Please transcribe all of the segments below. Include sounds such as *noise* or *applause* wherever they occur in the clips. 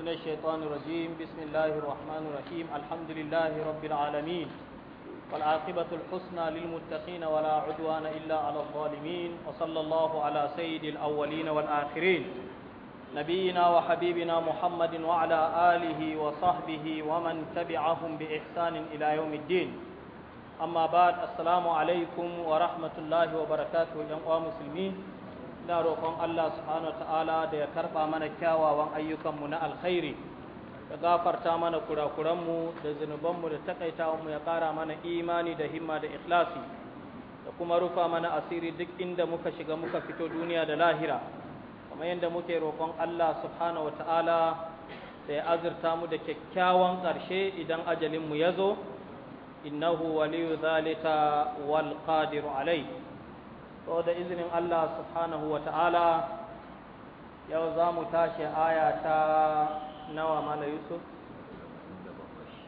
من الشيطان الرجيم بسم الله الرحمن الرحيم الحمد لله رب العالمين والعاقبة الحسنى للمتقين ولا عدوان إلا على الظالمين وصلى الله على سيد الأولين والآخرين نبينا وحبيبنا محمد وعلى آله وصحبه ومن تبعهم بإحسان إلى يوم الدين أما بعد السلام عليكم ورحمة الله وبركاته يا مسلمين ina roƙon Allah subhanahu ta'ala da ya karɓa mana kyawawan ayyukanmu na alkhairi ya gafarta mana kurakuranmu da zunubanmu da takaitawanmu ya ƙara mana imani da himma da ikhlasi da kuma rufa mana asiri duk inda muka shiga muka fito duniya da lahira kamar yadda muke roƙon Allah subhanahu ta'ala da ya azurta mu da kyakkyawan ƙarshe idan ajalinmu ya zo innahu waliyu zalika wal qadiru alayhi so da izinin Allah subhanahu wa ta'ala yau za mu tashi aya ta nawa mana Yusuf?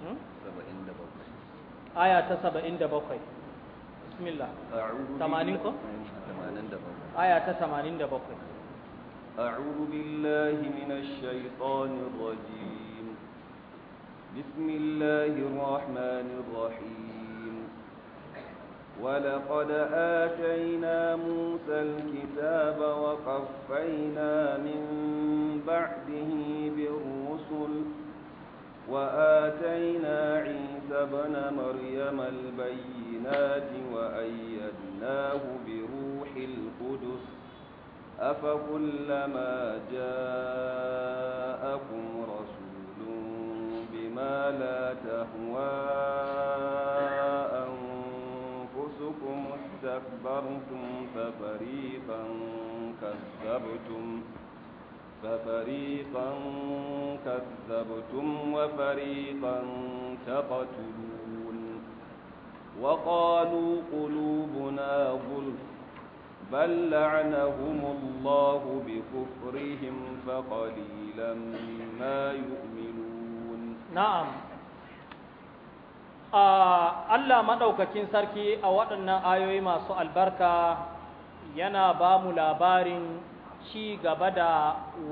Hmm? aya ta saba'in da bakwai bismillah tamanin ko? aya ta tamanin da bakwai أعوذ بالله من الشيطان الرجيم بسم الله الرحمن الرحيم ولقد آتينا موسى الكتاب وقفينا من بعده بالرسل وآتينا عيسى ابن مريم البينات وأيدناه بروح القدس أفكلما جاءكم رسول بما لا تهوى استكبرتم ففريقا كذبتم ففريقا كذبتم وفريقا تقتلون وقالوا قلوبنا غلف بل لعنهم الله بكفرهم فقليلا ما يؤمنون نعم Allah maɗaukakin sarki a waɗannan ayoyi masu albarka yana ba mu labarin ci gaba da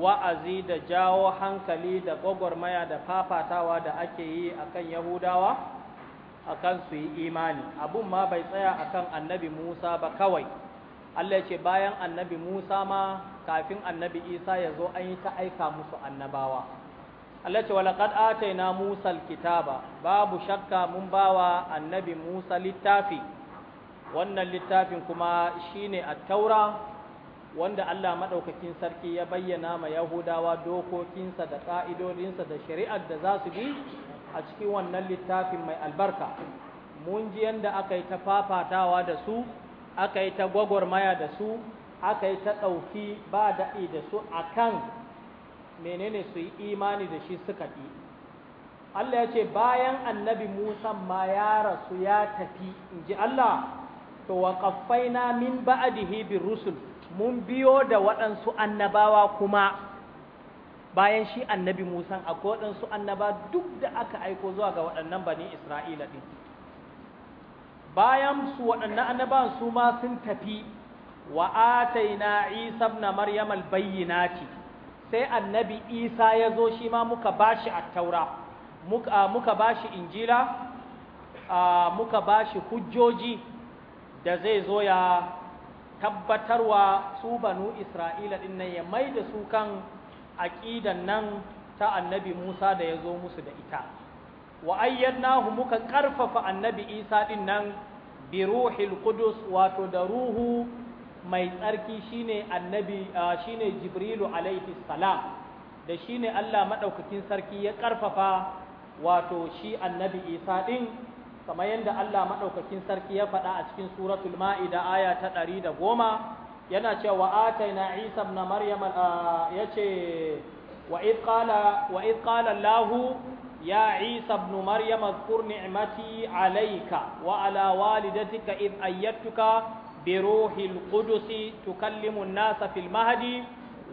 wa'azi da jawo hankali da gwagwarmaya da fafatawa da ake yi a kan Yahudawa a kan su yi imani. Abun ma bai tsaya a kan annabi Musa ba kawai. Allah ce bayan annabi Musa ma kafin annabi Isa ya zo an yi ta aika musu annabawa. Allah ce qad ataina Musa kitaba babu shakka mun bawa annabi Musa littafi wannan littafin kuma shine at-taura wanda Allah madaukakin sarki ya bayyana ma Yahudawa dokokinsa da ƙa'idodinsa da shari'ar da za su bi a cikin wannan littafin mai albarka mun ji yanda aka yi ta fafatawa da su aka yi ta gwagwarmaya da su aka yi ta ɗauki ba da'i da su akan menene su yi imani da shi suka ɗi Allah ya ce bayan annabi Musa ma ya rasu ya tafi in ji Allah to wa qaffaina min ba'adihi bi rusul mun biyo da waɗansu annabawa kuma bayan shi annabi Musa akwai waɗansu annaba duk da aka aiko zuwa ga waɗannan bani Isra'ila ɗin. Bayan su waɗannan annabawan su ma sun tafi wa ataina Isa ibn Maryam al-bayyinati sai annabi isa ya zo shi ma muka bashi attaura muka, ba bashi injila muka bashi hujjoji da zai zo ya tabbatarwa su banu isra'ila din nan ya mai da su kan aƙidan nan ta annabi musa da ya zo musu da ita wa ayyadnahu muka ƙarfafa annabi isa din nan bi ruhul qudus wato da ruhu mai tsarki shine annabi shine jibrilu alaihi salam da shine Allah madaukakin sarki ya karfafa wato shi annabi isa din kamar yadda Allah madaukakin sarki ya faɗa a cikin suratul ma'ida aya ta 110 yana cewa ataina isa ibn maryam yace wa id qala wa id qala Allah ya isa ibn maryam اذكر نعمتي عليك وعلى والدتك اذ ايدتك بروح القدس تكلم الناس في المهد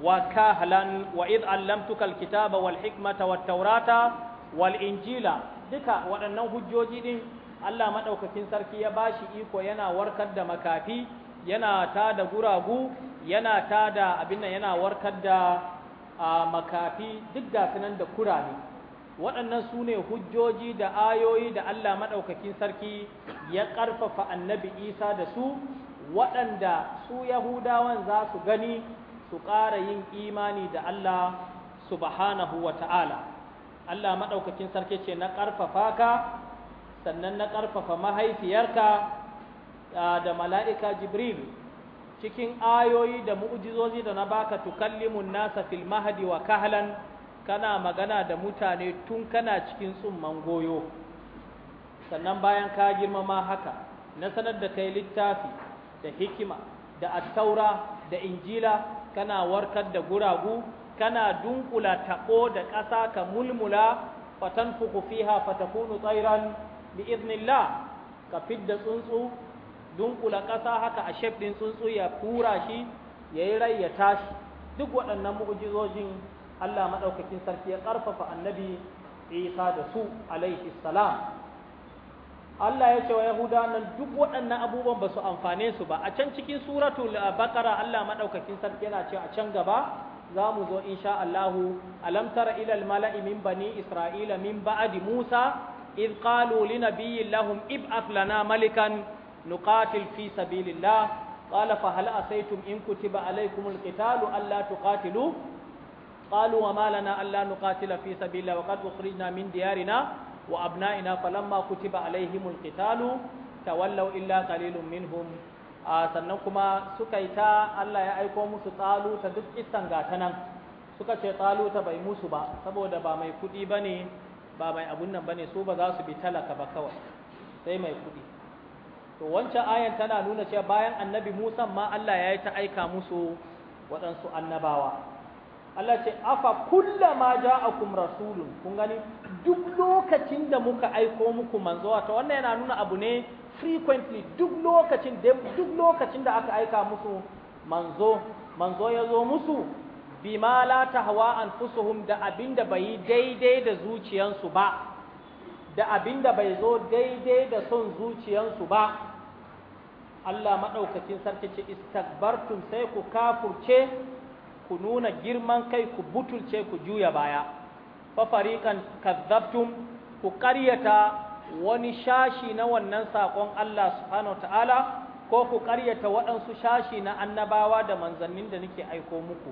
وكهلا وإذ علمتك الكتاب والحكمة والتوراة والإنجيل دكا وأنه هجوجي دين Allah maɗaukakin sarki ya bashi iko yana warkar da makafi yana ta da guragu yana ta da abin nan yana warkar da makafi duk da sunan da kurame waɗannan su ne hujjoji da ayoyi da Allah maɗaukakin sarki ya ƙarfafa annabi isa da su waɗanda su yahudawan za su gani su ƙara yin imani da Allah subhanahu wa ta'ala Allah maɗaukakin sarki ce na ƙarfafa ka sannan na ƙarfafa mahaifiyarka da mala'ika jibril cikin ayoyi da mu'ujizozi da na baka tukallimun nasa fil mahadi wa kahalan kana magana da mutane tun kana cikin tsumman goyo sannan bayan ka girmama haka na sanar da kai littafi da hikima da attaura da injila kana warkar da guragu kana dunkula taƙo da ƙasa ka mulmula fatan fuku fiha fatakunu tsairan bi iznillah ka fidda tsuntsu dunkula ƙasa haka a shef ɗin tsuntsu ya kura shi ya yi rai ya tashi duk waɗannan mu'jizojin Allah maɗaukakin sarki ya ƙarfafa annabi Isa da su alaihi salam Allah ya ce wa Yahuda nan duk waɗannan abubuwan ba su amfane su ba a can cikin suratul uh, baqara Allah madaukakin sarki yana cewa a can gaba za mu zo insha Allahu alam tara ila al mala'i min bani isra'ila min ba'di Musa id qalu li nabiyyin lahum ib'ath lana malikan nuqatil fi sabilillah qala fa hal asaytum in kutiba alaykumul qitalu alla tuqatilu qalu wa ma lana alla nuqatila fi sabilillah wa qad ukhrijna min diyarina wa ina abna'ina falamma kutiba alaihimul ta wallau illa qalilun a sannan kuma suka ta Allah ya aiko musu tsalu ta duk kissan gata nan suka ce tsalu ta bai musu ba saboda ba mai kuɗi bane ba mai abun nan bane su ba za su bi talaka ba kawai sai mai kuɗi to wancan ayan tana nuna cewa bayan annabi Musa ma Allah ya yi ta aika musu waɗansu annabawa Allah ce afa kulla ma a kum rasulun kun gani duk lokacin da muka aiko muku manzo wato wannan yana nuna abu ne frequently duk lokacin da duk lokacin da aka aika musu manzo manzo ya zo musu bima la tahwa anfusuhum da abinda bai daidai da zuciyansu ba da abinda bai zo daidai da son zuciyansu ba Allah madaukakin sarki ce istakbartum sai ku kafurce ku nuna girman kai ku butulce ku juya baya fa fariqan kadzabtum ku qaryata wani shashi na wannan sakon Allah subhanahu ta'ala ko ku qaryata waɗansu shashi na annabawa da manzannin da nake aiko muku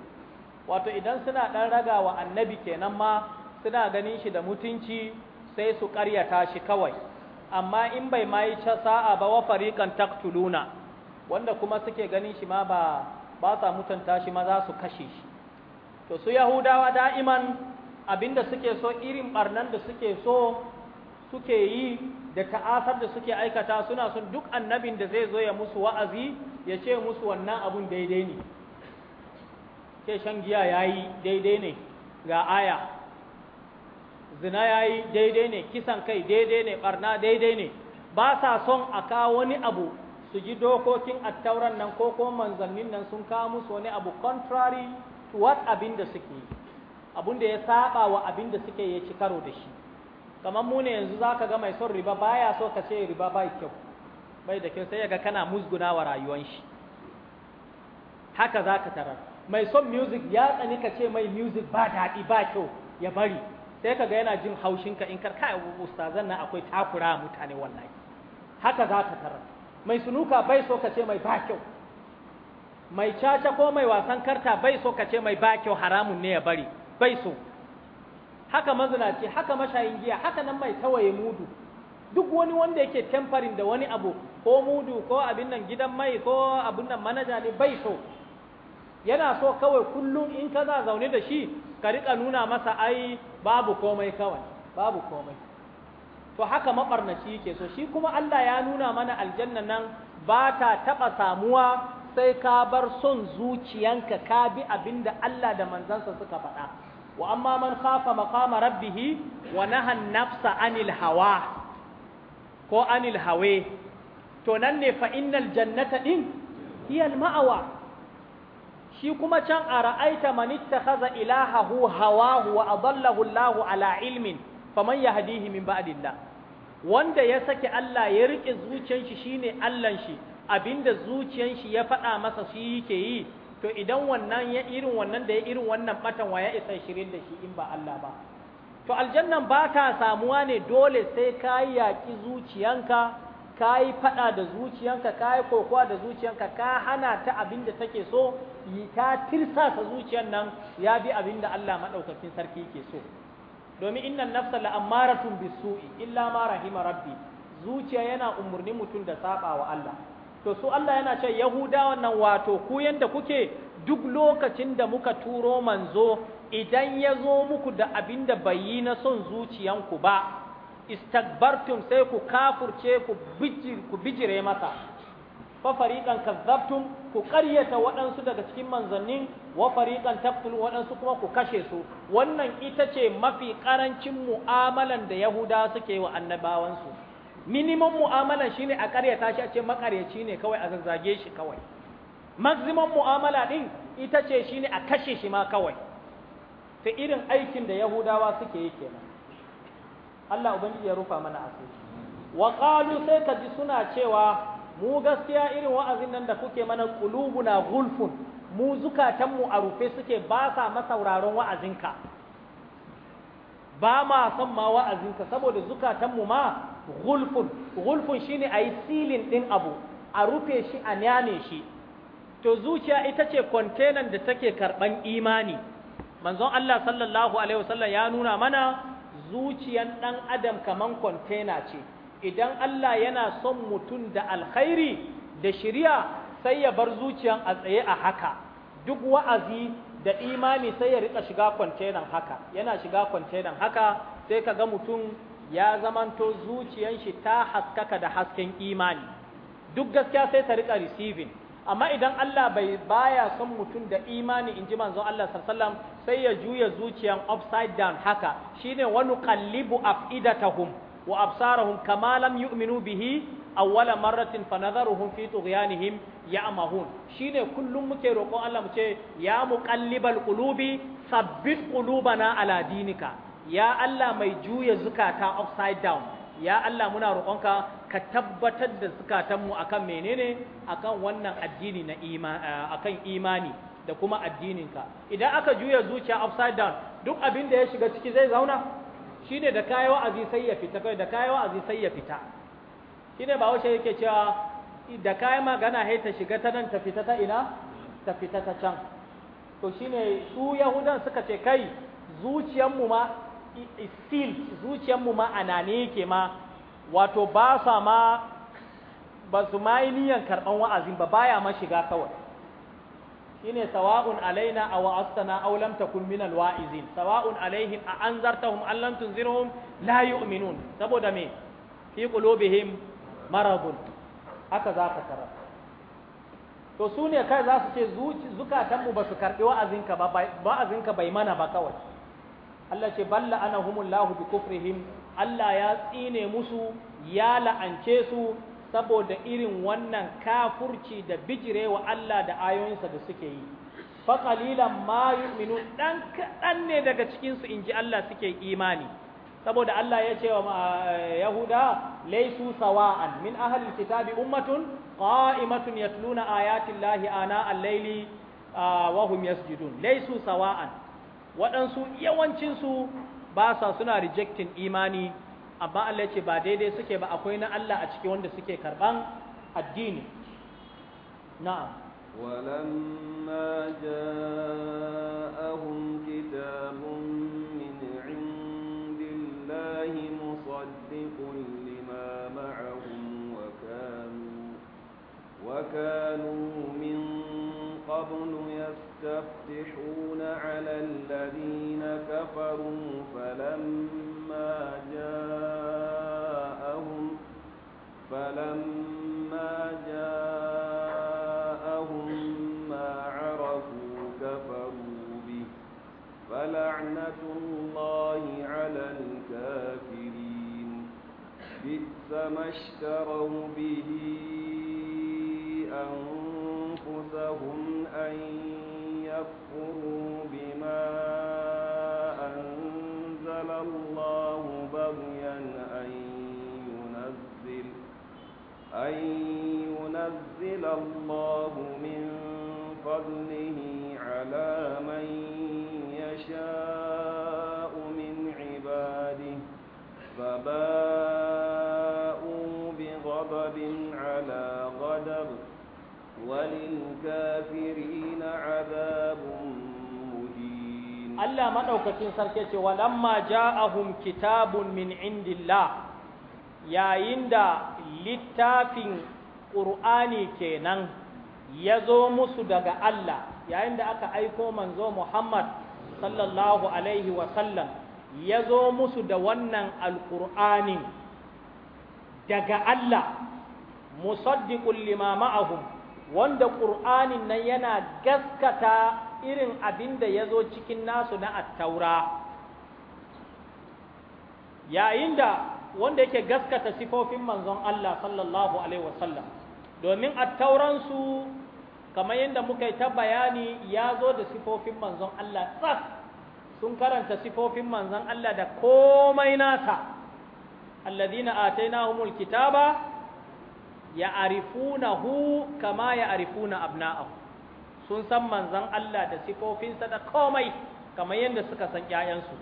wato idan suna dan ragawa annabi kenan ma suna ganin shi da mutunci sai su qaryata shi kawai amma in bai mai sa'a ba wa fariqan taqtuluna wanda kuma suke ganin shi ma ba ba sa mutunta shi maza su kashe shi to su yahudawa da'iman abinda suke so irin barnan da suke so suke yi da ta'asar da suke aikata suna son duk annabin da zai zo ya musu wa'azi ya ce musu wannan abun daidai ne ke shan giya yayi daidai ne ga aya zina yayi daidai ne kisan kai daidai ne barna daidai ne ba sa son a kawo wani abu su ji dokokin attauran nan ko ko manzannin nan sun kawo musu wani abu contrary to what abin da suke yi abin da ya saba wa abin da suke ya ci karo da shi kamar mu ne yanzu zaka ga mai son riba baya so ka ce riba bai kyau bai da kyau sai ya ga kana musguna wa rayuwan shi haka zaka tarar mai son music ya tsani ka ce mai music ba daɗi ba kyau ya bari sai ka ga yana jin haushinka in kar kai ustazan nan akwai takura mutane wallahi haka zaka tarar mai sunuka bai so ka ce mai ba mai caca ko mai wasan karta bai so ka ce mai ba haramun ne ya bari bai so haka mazinaci haka mashayin giya haka nan mai tawaye mudu duk wani wanda yake temfarin da wani abu ko mudu ko abin nan gidan mai ko abin nan manaja ne bai so yana so kawai kullum in ka za zaune da shi ka rika nuna masa ai babu komai kawai babu komai to haka mabarnaci yake so shi kuma Allah ya nuna mana aljanna nan ba ta taɓa samuwa sai ka bar son zuciyanka ka bi abinda Allah da manzansa suka faɗa wa amma man khafa maqama rabbih wa naha nafsa anil hawa ko anil hawe to nan ne fa innal jannata din hiya al ma'awa shi kuma can a ra'aita man ittakhadha ilahahu hawa wa adallahu Allahu ala ilmin faman yahdihi min ba'dillah wanda ya saki Allah ya rike zuciyar shi shine Allahn shi abinda zuciyar shi ya faɗa masa shi yake yi to idan wannan ya irin wannan da ya irin wannan batan wa ya isa shirin da shi in ba Allah ba to aljannan ba ta samuwa ne dole sai ka yaƙi zuciyanka ka yi faɗa da zuciyanka ka yi kokowa da zuciyanka ka hana ta abinda da take so yi ka tirsasa zuciyan nan ya bi abinda da Allah maɗaukakin sarki ke so domin innan nafsa bi bisu'i illa ma rahima rabbi zuciya yana umurni mutum da saba wa Allah to su Allah yana ce yahuda nan wato ku yanda kuke duk lokacin da muka turo manzo idan ya zo muku da abin da bai yi na son zuciyanku ba istakbartum sai ku kafurce ku bijire masa fa fariqan kazzabtum ku ƙaryata waɗansu daga cikin manzannin wa fariƙan taqtulun waɗansu kuma ku kashe su wannan ita ce mafi ƙarancin mu'amalan da Yahuda suke wa annabawansu minimum mu'amalan ne a ƙaryata shi a ce maƙaryaci ne kawai a zazzage shi kawai maximum mu'amala ɗin ita ce shi ne a kashe shi ma kawai ta irin aikin da Yahudawa suke yi kenan Allah ubangiji ya rufa mana asiri wa sai ka ji suna cewa mu gaskiya irin wa'azin nan da kuke mana na gulfun mu zukatanmu a rufe suke ba sa masauraron wa'azinka ba ma son ma wa'azinka saboda zukatanmu ma gulfun gulfun shi ne a yi silin ɗin abu a rufe shi a nyane shi to zuciya ita ce kwantenan da take karɓan imani manzon Allah sallallahu alaihi wasallam ya nuna mana zuciyan ɗan adam kaman kwantena ce idan Allah yana son mutum da alkhairi da shirya sai ya bar zuciyan a tsaye a haka duk wa'azi da imani sai ya rika shiga kwantenan haka yana shiga kwantenan haka sai ka ga mutum ya zamanto zuciyan shi ta haskaka da hasken imani duk gaskiya sai ta rika receiving amma idan Allah bai baya son mutum da imani in ji manzon Allah sallallahu sai ya juya zuciyan upside down haka shine wani qallibu afidatahum wa absarahum kama lam yu'minu bihi awwala marratin fa nadharuhum fi tughyanihim shi ne kullum muke roƙon Allah mu ce ya muqallibal qulubi sabbit qulubana ala dinika ya Allah mai juya zukata upside down ya Allah muna roƙonka ka ka tabbatar da zukatanmu akan menene akan wannan addini na eh, akan imani da kuma addininka idan aka juya zuciya upside down duk abinda ya shiga ciki zai zauna shine da kayi wa'azi sai ya fita kai da kayi wa'azi sai ya fita shine ba wace yake cewa da kayi magana hai ta shiga ta nan ta fita ta ina ta fita ta can to shine su yahudan suka ce kai zuciyanmu ma istil zuciyanmu ma anane yake ma wato ba sa ma ba su ma yi niyan karɓan wa'azin ba baya ma shiga kawai shine sawa'un alaina aw astana aw lam takun wa'izin sawa'un alaihim a anzartahum an lam tunzirhum la yu'minun saboda me fi qulubihim maradun haka za ka tarar to su ne kai za su ce zukatanmu ba su karɓi wa'azinka ba bai mana ba kawai Allah ce balla ana bi kufrihim Allah ya tsine musu ya la'ance su saboda irin wannan kafurci da bijirewa Allah da ayoyinsa da suke yi faƙalilan qalilan ma yu'minun dan kaɗan ne daga cikinsu in ji Allah suke imani saboda Allah ya ce wa eh, Yahuda laysu sawa'an min ahli kitabi ummatun qa'imatun yatluna ayati llahi ana al-laili ah, wa hum yasjudun laysu sawa'an waɗansu yawancinsu ba sa suna rejecting imani amma Allah ce ba daidai suke ba akwai na Allah a ciki wanda suke karɓan addini na'am walamma ja'ahum kitabun min indillahi musaddiqun lima ma'ahum wa kanu wa kanu min قبل يستفتحون على الذين كفروا فلما جاءهم فلما جاءهم ما عرفوا كفروا به فلعنة الله على الكافرين بئس ما اشتروا به يمسهم أن يكفروا بما أنزل الله بغيا أن ينزل أن ينزل الله من فضله على من يشاء للكافرين عذاب مهين الله ما دوكتين سركيتي ولما جاءهم كتاب من عند الله يا يندا littafin ƙur'ani kenan ya zo musu daga Allah yayin da aka aiko manzo Muhammad sallallahu alaihi wasallam ya zo musu da wannan alƙur'anin daga Allah musaddiqul lima ma'ahum wanda ƙur'anin nan yana gaskata irin abin da ya zo cikin nasu na attaura yayin da wanda yake gaskata sifofin manzon Allah sallallahu Alaihi wasallam domin attauransu kamar yadda muka yi ta bayani ya zo da sifofin manzon Allah tsaf sun karanta sifofin manzon Allah da komai nasa allazina atainahumul kitaba ya hu kama ya arifuna abna'ahu sun san manzan Allah da sifofinsa da komai kamar yadda suka san ƴaƴansu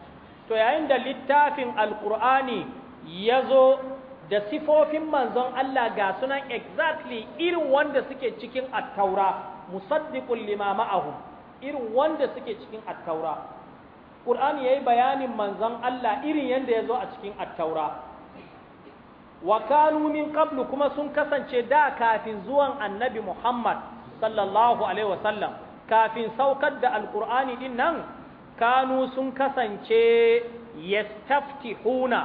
to yayin da littafin alqur'ani yazo da sifofin manzon Allah ga sunan exactly irin wanda suke cikin at-taura musaddiqul lima ma'ahu irin wanda suke cikin at-taura Qur'ani yayi bayanin manzon Allah irin yanda yazo a cikin at-taura wa kanu min qablu kuma sun kasance da kafin zuwan annabi Muhammad sallallahu alaihi wasallam kafin saukar da alqur'ani din nan kanu sun kasance yastaftihuna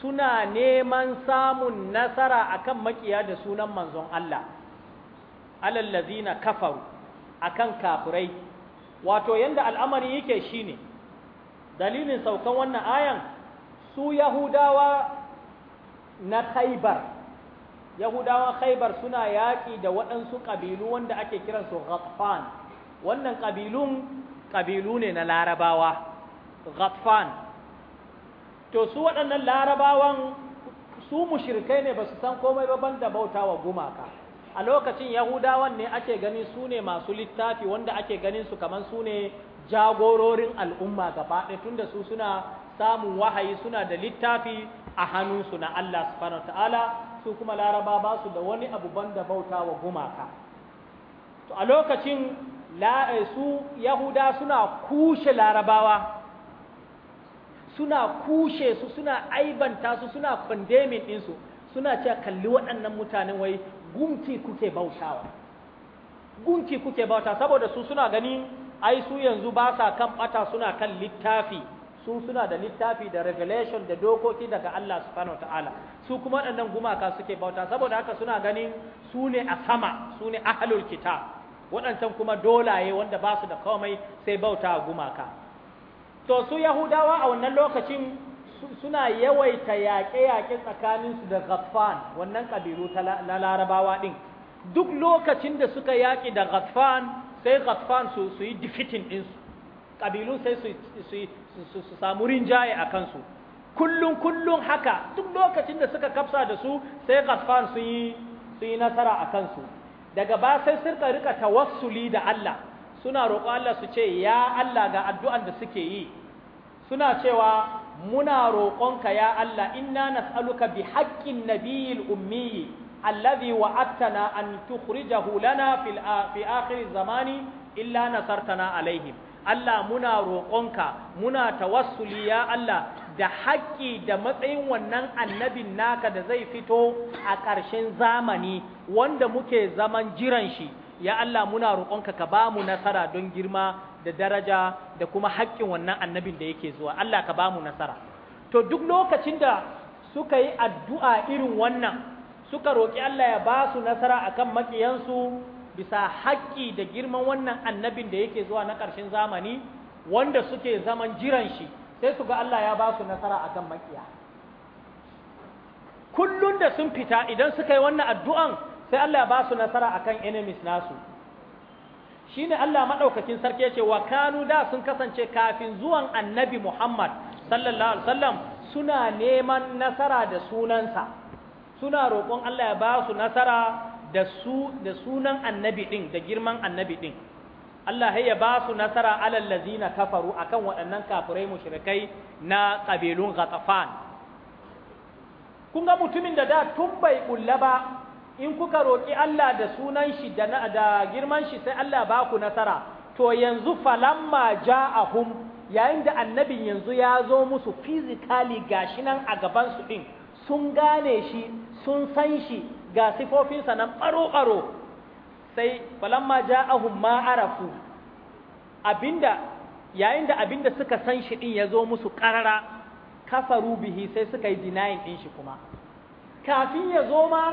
suna neman samun nasara akan makiya da sunan manzon Allah alallazina kafaru akan kafirai wato yanda al'amari yake shine dalilin saukan wannan ayan su yahudawa na khaibar yahudawan khaibar suna yaƙi da waɗansu ƙabilu wanda ake kiransu ghatfan wannan ƙabilun ƙabilu ne na larabawa ghatfan to su waɗannan larabawan su mushirkai ne ba su san komai ba banda bauta wa gumaka a lokacin yahudawan ne ake gani su ne masu littafi wanda ake ganin su kamar su ne jagororin al'umma gaba ɗaya tunda su suna samun wahayi suna da littafi a hannunsu na Allah subhanahu ta'ala su kuma laraba ba su da wani abu banda bauta wa gumaka to a lokacin eh, su yahuda suna kushe larabawa suna kushe su suna aibanta su suna condemning ɗinsu suna cewa kalli waɗannan mutanen wai gunki kuke bautawa gunki kuke bauta saboda su suna ganin ai su yanzu ba sa kan bata suna kan littafi su suna da littafi da revelation da dokoki daga Allah subhanahu wataala su kuma waɗannan gumaka suke bauta saboda haka suna ganin su ne a sama su ne ahlul kitab waɗancan kuma dolaye wanda ba su da komai sai bauta gumaka to su yahudawa a wannan lokacin suna yawaita yaƙe-yaƙe tsakaninsu da ghaffan wannan ƙabilu na larabawa ɗin duk lokacin da suka yaƙi da ghaffan sai ghaffan su yi defeating ɗinsu ƙabilu sai su samu rinjaye a kansu kullum kullum haka duk lokacin da suka kafsa da su sai gaffar sun yi nasara a kansu daga ba sai suka rika tawassuli da Allah suna roƙo Allah su ce ya Allah ga addu'an da suke yi suna cewa muna roƙonka ya Allah inna nas'aluka bi haqqin nabiyil ummi allazi wa'adtana an tukhrijahu lana fil fi akhir zamani illa nasartana alaihim Allah muna roƙonka muna tawassuli ya Allah da haƙƙi da matsayin wannan annabin naka da zai fito a ƙarshen zamani wanda muke zaman jiran shi ya Allah muna roƙonka ka ba mu nasara don girma da daraja da kuma haƙƙin wannan annabin da yake zuwa Allah ka ba mu nasara to duk lokacin da suka yi addu'a irin wannan suka roƙi Allah ya ba su nasara akan maƙiyansu bisa haƙƙi da girman wannan annabin da yake zuwa na ƙarshen zamani wanda suke zaman jiran shi sai su ga Allah ya ba su nasara akan makiya Kullum da sun fita idan suka yi wannan addu'an sai Allah ya ba su nasara akan enemies nasu Shi ne Allah maɗaukakin sarki yace wa kanu da sun kasance kafin zuwan annabi Muhammad sallallahu alaihi wasallam suna neman nasara da sunansa suna roƙon Allah ya ba su nasara da su da sunan annabi din da girman annabi din Allah ya ba su nasara alal na kafaru akan waɗannan kafurai, mushrikai na ƙabilun ghatafan kun ga mutumin da da tun bai kulla ba in kuka roƙi Allah da sunan shi da, da girman shi sai Allah ba ku nasara to yanzu falamma ja'ahum yayin da annabin yanzu ya zo musu physically gashi nan a gaban su din sun gane shi sun san shi ga sa nan ɓaro-ɓaro sai falamma ja'ahum ma arafu abinda yayin da abinda suka san shi din ya zo musu ƙarara kafaru bihi sai suka yi denying ɗin shi kuma kafin ya zo ma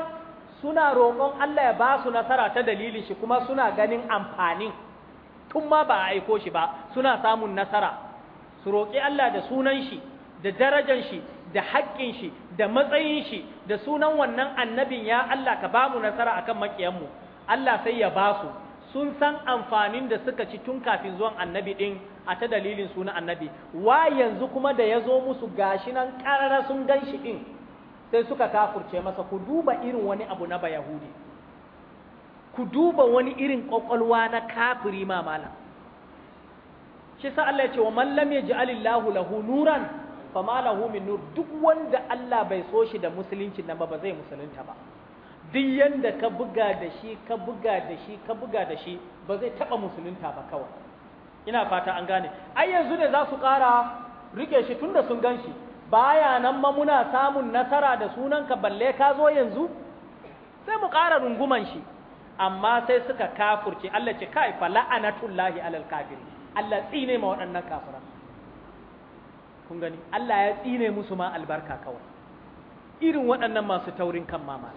suna roƙon Allah ya ba su nasara ta dalilin shi kuma suna ganin amfanin tun ma ba a aiko shi ba suna samun nasara su roƙi Allah da sunan shi da darajan shi da haƙƙin shi da matsayin shi da sunan wannan annabin ya Allah ka bamu nasara akan makiyanmu Allah sai ya ba su sun san amfanin da suka ci tun kafin zuwan annabi din a ta dalilin sunan annabi wa yanzu kuma da ya zo musu gashi nan ƙarara sun ganshi shi din sai suka kafurce masa ku duba irin wani abu na bayahudi ku duba wani irin ƙwaƙwalwa na kafiri ma malam shi sa Allah ya ce wa man lam yaj'alillahu lahu nuran fama lahu min nur duk wanda Allah bai so shi da musulunci nan ba ba zai musulunta ba duk yanda ka buga da shi ka buga da shi ka buga da shi ba zai taba musulunta ba kawai ina fata an gane ai yanzu ne za su ƙara rike shi tunda sun gan shi baya nan ma muna samun nasara da sunan ka balle ka zo yanzu sai mu ƙara runguman shi amma sai suka kafurce Allah ce kai fa la'anatullahi alal kafir Allah tsine ma waɗannan kafiran kun gani Allah ya tsine musu ma albarka kawai irin waɗannan masu taurin kan mama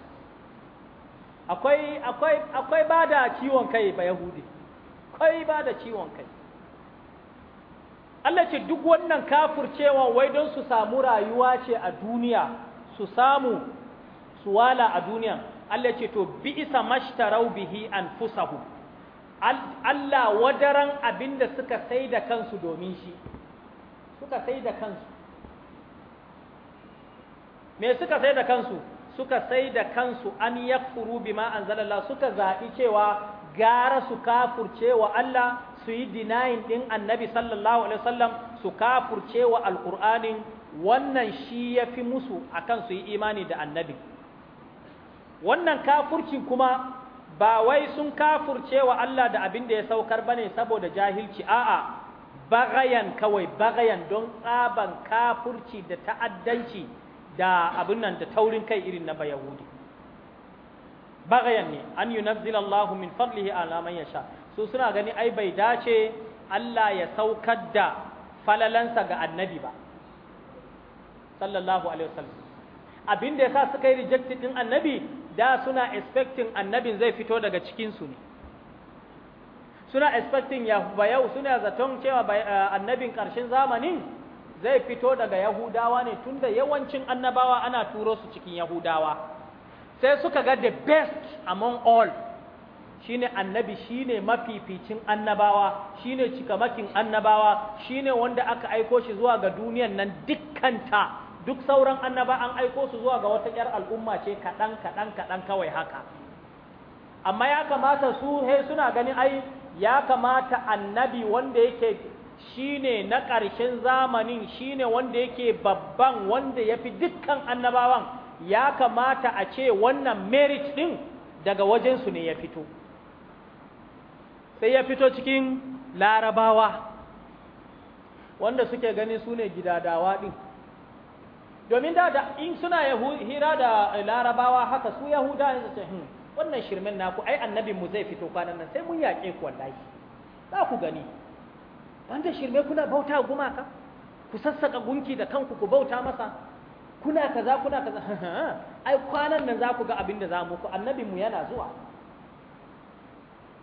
akwai akwai akwai bada ciwon kai ba yahudi akwai bada ciwon kai Allah ce duk wannan kafircewa wai don su samu rayuwa ce a duniya su samu su wala a duniya Allah ce to bi isa mashtarau bihi anfusahum Allah wadaran abinda suka sai da kansu domin shi suka sai da kansu me suka sai da kansu suka sai da kansu an yakfuru bima anzalallah suka zaɓi cewa gara su kafurce wa Allah su yi denying din annabi sallallahu alaihi wasallam su kafurce wa alqur'anin wannan shi yafi musu akan su yi imani da annabi wannan kafurci kuma ba wai sun kafurce wa Allah da abin da ya saukar bane saboda jahilci a'a bagayan kawai bagayan don tsaban kafurci da ta'addanci da abin nan da taurin kai irin na bayahudi bagayan ne an yi nazil Allah min fadlihi ala man yasha su suna gani ai bai dace Allah ya saukar da falalansa ga annabi ba sallallahu alaihi wasallam abin da yasa suka yi rejected annabi da suna expecting annabin zai fito daga cikin su ne suna expecting yau suna zaton cewa eh, annabin ƙarshen zamanin zai fito daga yahudawa ne tunda yawancin annabawa ana turo su cikin yahudawa sai suka ga the best among all shine annabi shine mafificin annabawa shine cikamakin annabawa shine wanda aka aiko shi zuwa ga duniyan nan dukkanta duk sauran annaba an aiko su zuwa ga wata yar al'umma ce kaɗan kaɗan kaɗan kawai haka amma ya kamata su he suna ganin ai ya kamata annabi wanda yake shine na ƙarshen zamanin shine wanda yake babban wanda yafi dukkan annabawan ya kamata a ce wannan merit ɗin daga wajensu ne ya fito sai ya fito cikin larabawa wanda suke gani su ne gidadawa ɗin domin da in suna hira da larabawa haka su yahuda ne su wannan shirmen naku ai annabin mu zai fito kwanan nan sai mun yaƙe ku wallahi za ku gani banda shirme kuna bauta gumaka ku sassaka gunki da kanku ku bauta masa kuna kaza kuna kaza *laughs* ai kwanan nan za ku ga abin da za mu ku annabin mu yana zuwa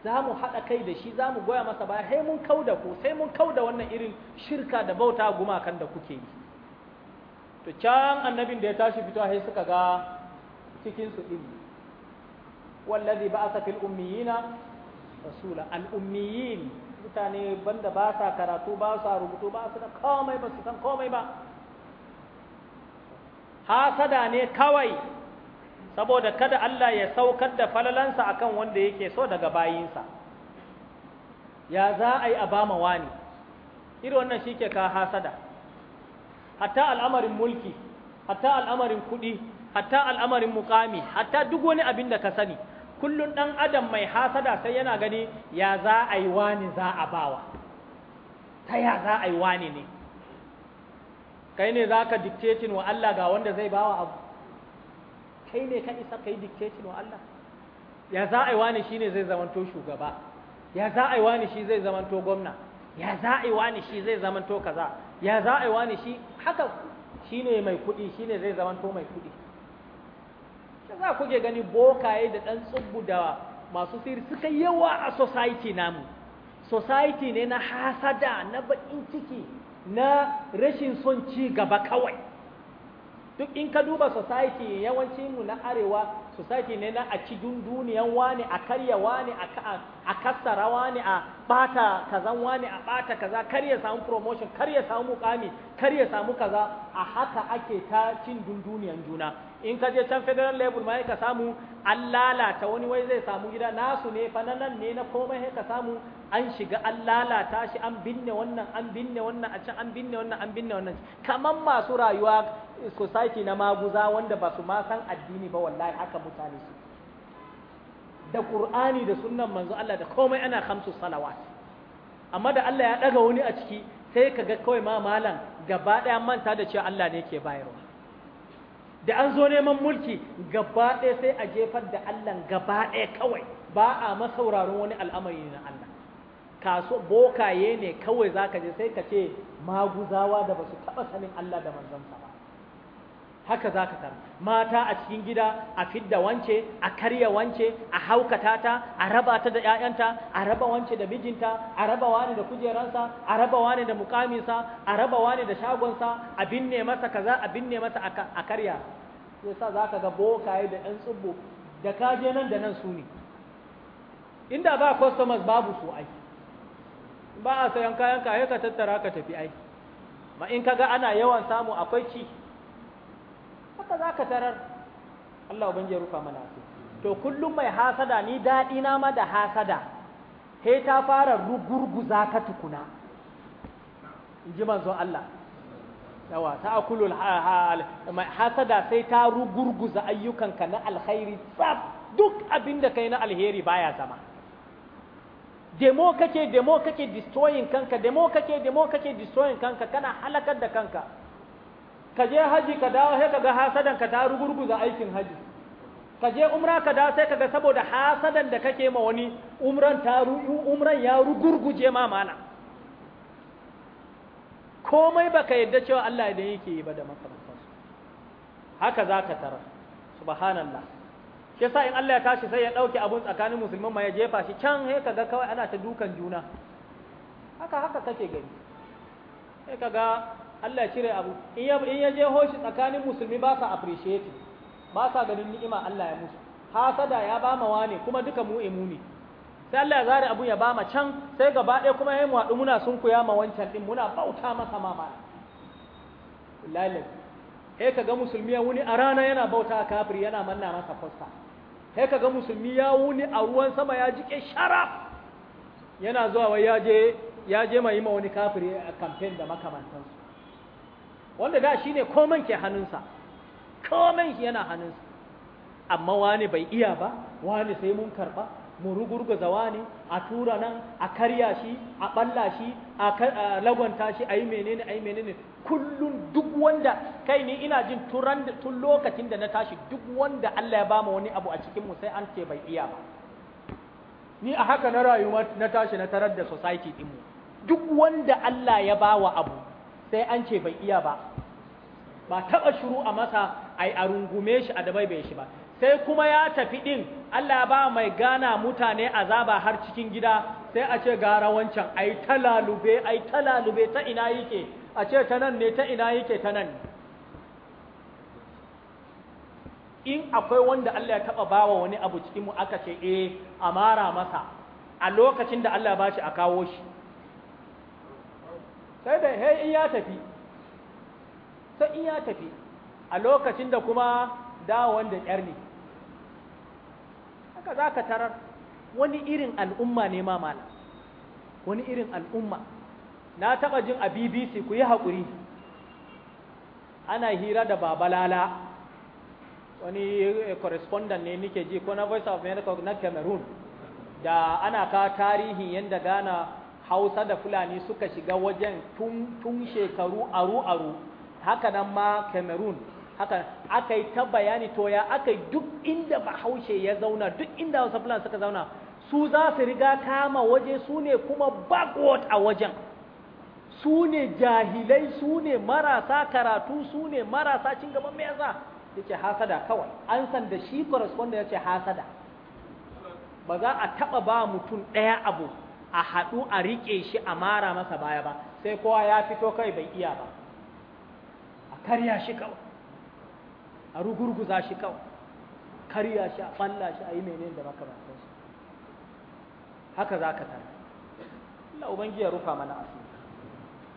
za mu haɗa kai da shi za mu goya masa baya sai mun kau da ku sai mun kau da wannan irin shirka da bauta gumakan da kuke yi to can annabin da ya tashi fito sai suka ga cikin su ɗin wallazi ba'atha fil ummiyina rasula al ummiyin mutane banda ba sa karatu ba sa rubutu ba su da komai ba su san komai ba hasada ne kawai saboda kada Allah ya saukar da falalansa akan wanda yake so daga bayinsa ya za a yi a bama wani irin wannan shi ke ka hasada hatta al'amarin mulki hatta al'amarin kuɗi hatta al'amarin mukami hatta duk wani abin da ka sani kullum ɗan adam mai hasada sai yana gani ya za a yi wani za a bawa ta ya za a yi wani ne kai ne za ka dictatin wa Allah ga wanda zai bawa abu kai ne ka isa kai yi wa Allah ya za a yi wani shi ne zai zamanto shugaba ya za a yi wani shi zai zamanto gwamna ya za a yi wani shi zai zamanto kaza ya za a yi wani shi haka shi ne mai kuɗi shi ne zai zamanto mai kuɗi shi za ku ke gani bokaye da ɗan tsubbu da masu siri suka yawa a society namu society ne na hasada na baƙin ciki na rashin son ci gaba kawai duk in ka duba society yawanci mu na arewa society ne na a cikin duniyan wani a karya wani a kassara wani a bata kazan wani a bata kaza karya samu promotion kar samu mukami kar ya samu kaza a haka ake ta cin dunduniyan juna in ka je can federal level ma ka samu an lalata wani wai zai samu gida nasu ne fa nan ne na komai ka samu an shiga an lalata shi an binne wannan an binne wannan a can an binne wannan an binne wannan kaman masu rayuwa eh, society na maguza wanda ba su ma san addini ba wallahi haka mutane su da qur'ani da sunnan manzo Allah da komai ana khamsu salawat amma da Allah ya daga wani a ciki sai kaga kawai ma malam gaba daya manta da cewa Allah ne ke bayarwa da an zo neman mulki gaba ɗaya sai a jefar da Allah gaba ɗaya kawai ba a masauraron wani al'amari na Allah kaso bokaye ne kawai zaka je sai ka ce maguzawa da basu taɓa sanin Allah da manzansa ba haka za ka samu mata a cikin gida a fidda wance a karya wance a haukata ta a raba ta da ‘ya'yanta a raba wance da mijinta a raba wani da kujeransa a raba wani da mukaminsa a raba wani da shagonsa a binne masa kaza a binne masa a karya sa za ka ga bokaye da ‘yan tsubbo da kaje nan da nan su ne inda ba customers babu su ai ba a sayan kayan ka ka tattara ka tafi ai ma in kaga ana yawan samu akwai ci haka za ka tarar Allah ubangiji ya rufa mana to kullum mai hasada ni daɗi na ma da hasada sai ta fara rugurguza ka tukuna in ji manzo Allah yawa ta mai hasada sai ta rugurguza ayyukanka na alkhairi tsaf duk abin da kai na alheri baya zama demo kake demo kake destroying kanka demo kake demo kake destroying kanka kana halakar da kanka ka je haji ka dawo sai ga hasadan ka ta rugurguza aikin haji ka je umra ka dawo sai ka ga saboda hasadan da kake ma wani umran ta umran ya rugurguje ma mana komai baka yadda cewa Allah da yake yi ba da makamantansu haka zaka tara subhanallah shi yasa in Allah ya tashi sai ya dauke abun tsakanin musulman ma ya jefa shi can sai ga kawai ana ta dukan juna haka haka kake gani sai ga. Allah ya cire abu in ya in ya je hoshi tsakanin musulmi ba sa appreciate ba sa ganin ni'ima Allah ya musu hasada ya ba ma wane kuma duka mu ne sai Allah ya zare abu ya ba ma can sai gaba ɗaya kuma yayin mu muna muna kuya ma wancan din muna bauta masa ma ba lalle ka ga musulmi ya wuni a rana yana bauta kafiri yana manna masa fasta ka ga musulmi ya wuni a ruwan sama ya jike sharaf yana zuwa wai ya je ya je mai ma wani kafiri a campaign da makamantansu wanda da shi ne koman ke hannunsa komen shi yana hannunsa amma wani bai iya ba wani sai mun karɓa mu rugurguza wani a tura nan a karya shi a ɓalla shi a lagwanta shi a yi menene a yi menene kullum duk wanda kai ni ina jin tun lokacin da na tashi duk wanda Allah ya bama wani abu a cikinmu sai an ce bai iya ba ni a haka na rayuwa na tashi na tarar da society ɗinmu duk wanda Allah ya bawa abu sai an ce bai iya ba ba taɓa shuru a masa a a rungume shi a dabai bai shi ba sai kuma ya tafi ɗin Allah ba mai gana mutane azaba har cikin gida sai a ce gara wancan ai ta lalube ai ta lalube ta ina yake a ce ta nan ne ta ina yake ta nan in akwai wanda Allah ya taba bawa wani abu cikinmu aka ce eh a mara masa a lokacin da Allah ba shi a kawo shi sai da he in ya tafi sai in ya tafi a lokacin da kuma dawon da ƙyar ne haka za ka tarar wani irin al'umma ne ma mala wani irin al'umma na taɓa jin a bbc ku yi haƙuri ana hira da babalala wani eh, correspondent ne nike ji ko na voice of america na cameroon da ana ka tarihin yadda gana hausa da fulani suka shiga wajen tun shekaru aru-aru haka nan ma cameroon haka aka yi ta bayani toya ya aka yi duk inda bahaushe ya zauna duk inda hausa fulani suka zauna su za su riga kama waje su ne kuma backward a wajen su ne jahilai su ne marasa karatu su ne marasa cin gaban mai yasa ya ce hasada kawai an sanda da shi correspondent ya ce hasada ba za a taɓa ba mutum ɗaya abu a haɗu a riƙe shi a mara masa baya ba sai kowa ya fito kai bai iya ba a karya shi kawai a rugurguza shi kawai karya shi a falla shi a yi menene da makamantar shi haka za ka tara Ina ubangiji ya rufa mana asiri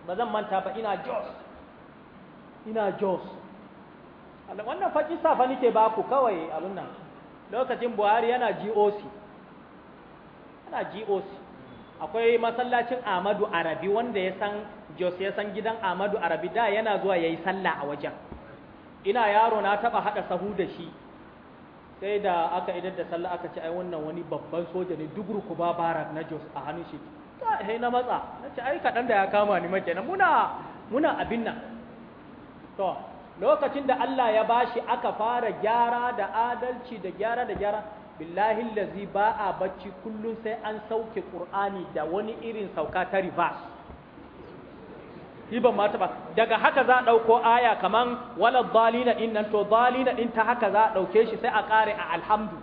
ba zan manta ba ina jos ina jos wannan faƙi safa nike ba ku kawai abin nan lokacin buhari yana goc yana goc akwai masallacin Ahmadu Arabi wanda ya san Jos ya san gidan Ahmadu Arabi da yana zuwa yayi sallah a wajen ina yaro na taba hada sahu da shi sai da aka idar da sallah aka ce ai wannan wani babban soja ne duk rukuba barak na Jos a hannun shi ta hei na matsa na ce ai kadan da ya kama ni mace muna muna abin nan to lokacin da Allah ya bashi aka fara gyara da adalci da gyara da gyara billahi lazi ba a bacci kullum sai an sauke ƙur'ani da wani irin sauka ta reverse ban mata ba daga haka za a ɗauko aya kaman wala dalina ɗin nan to dalina ɗin ta haka za a ɗauke shi sai a kare a alhamdu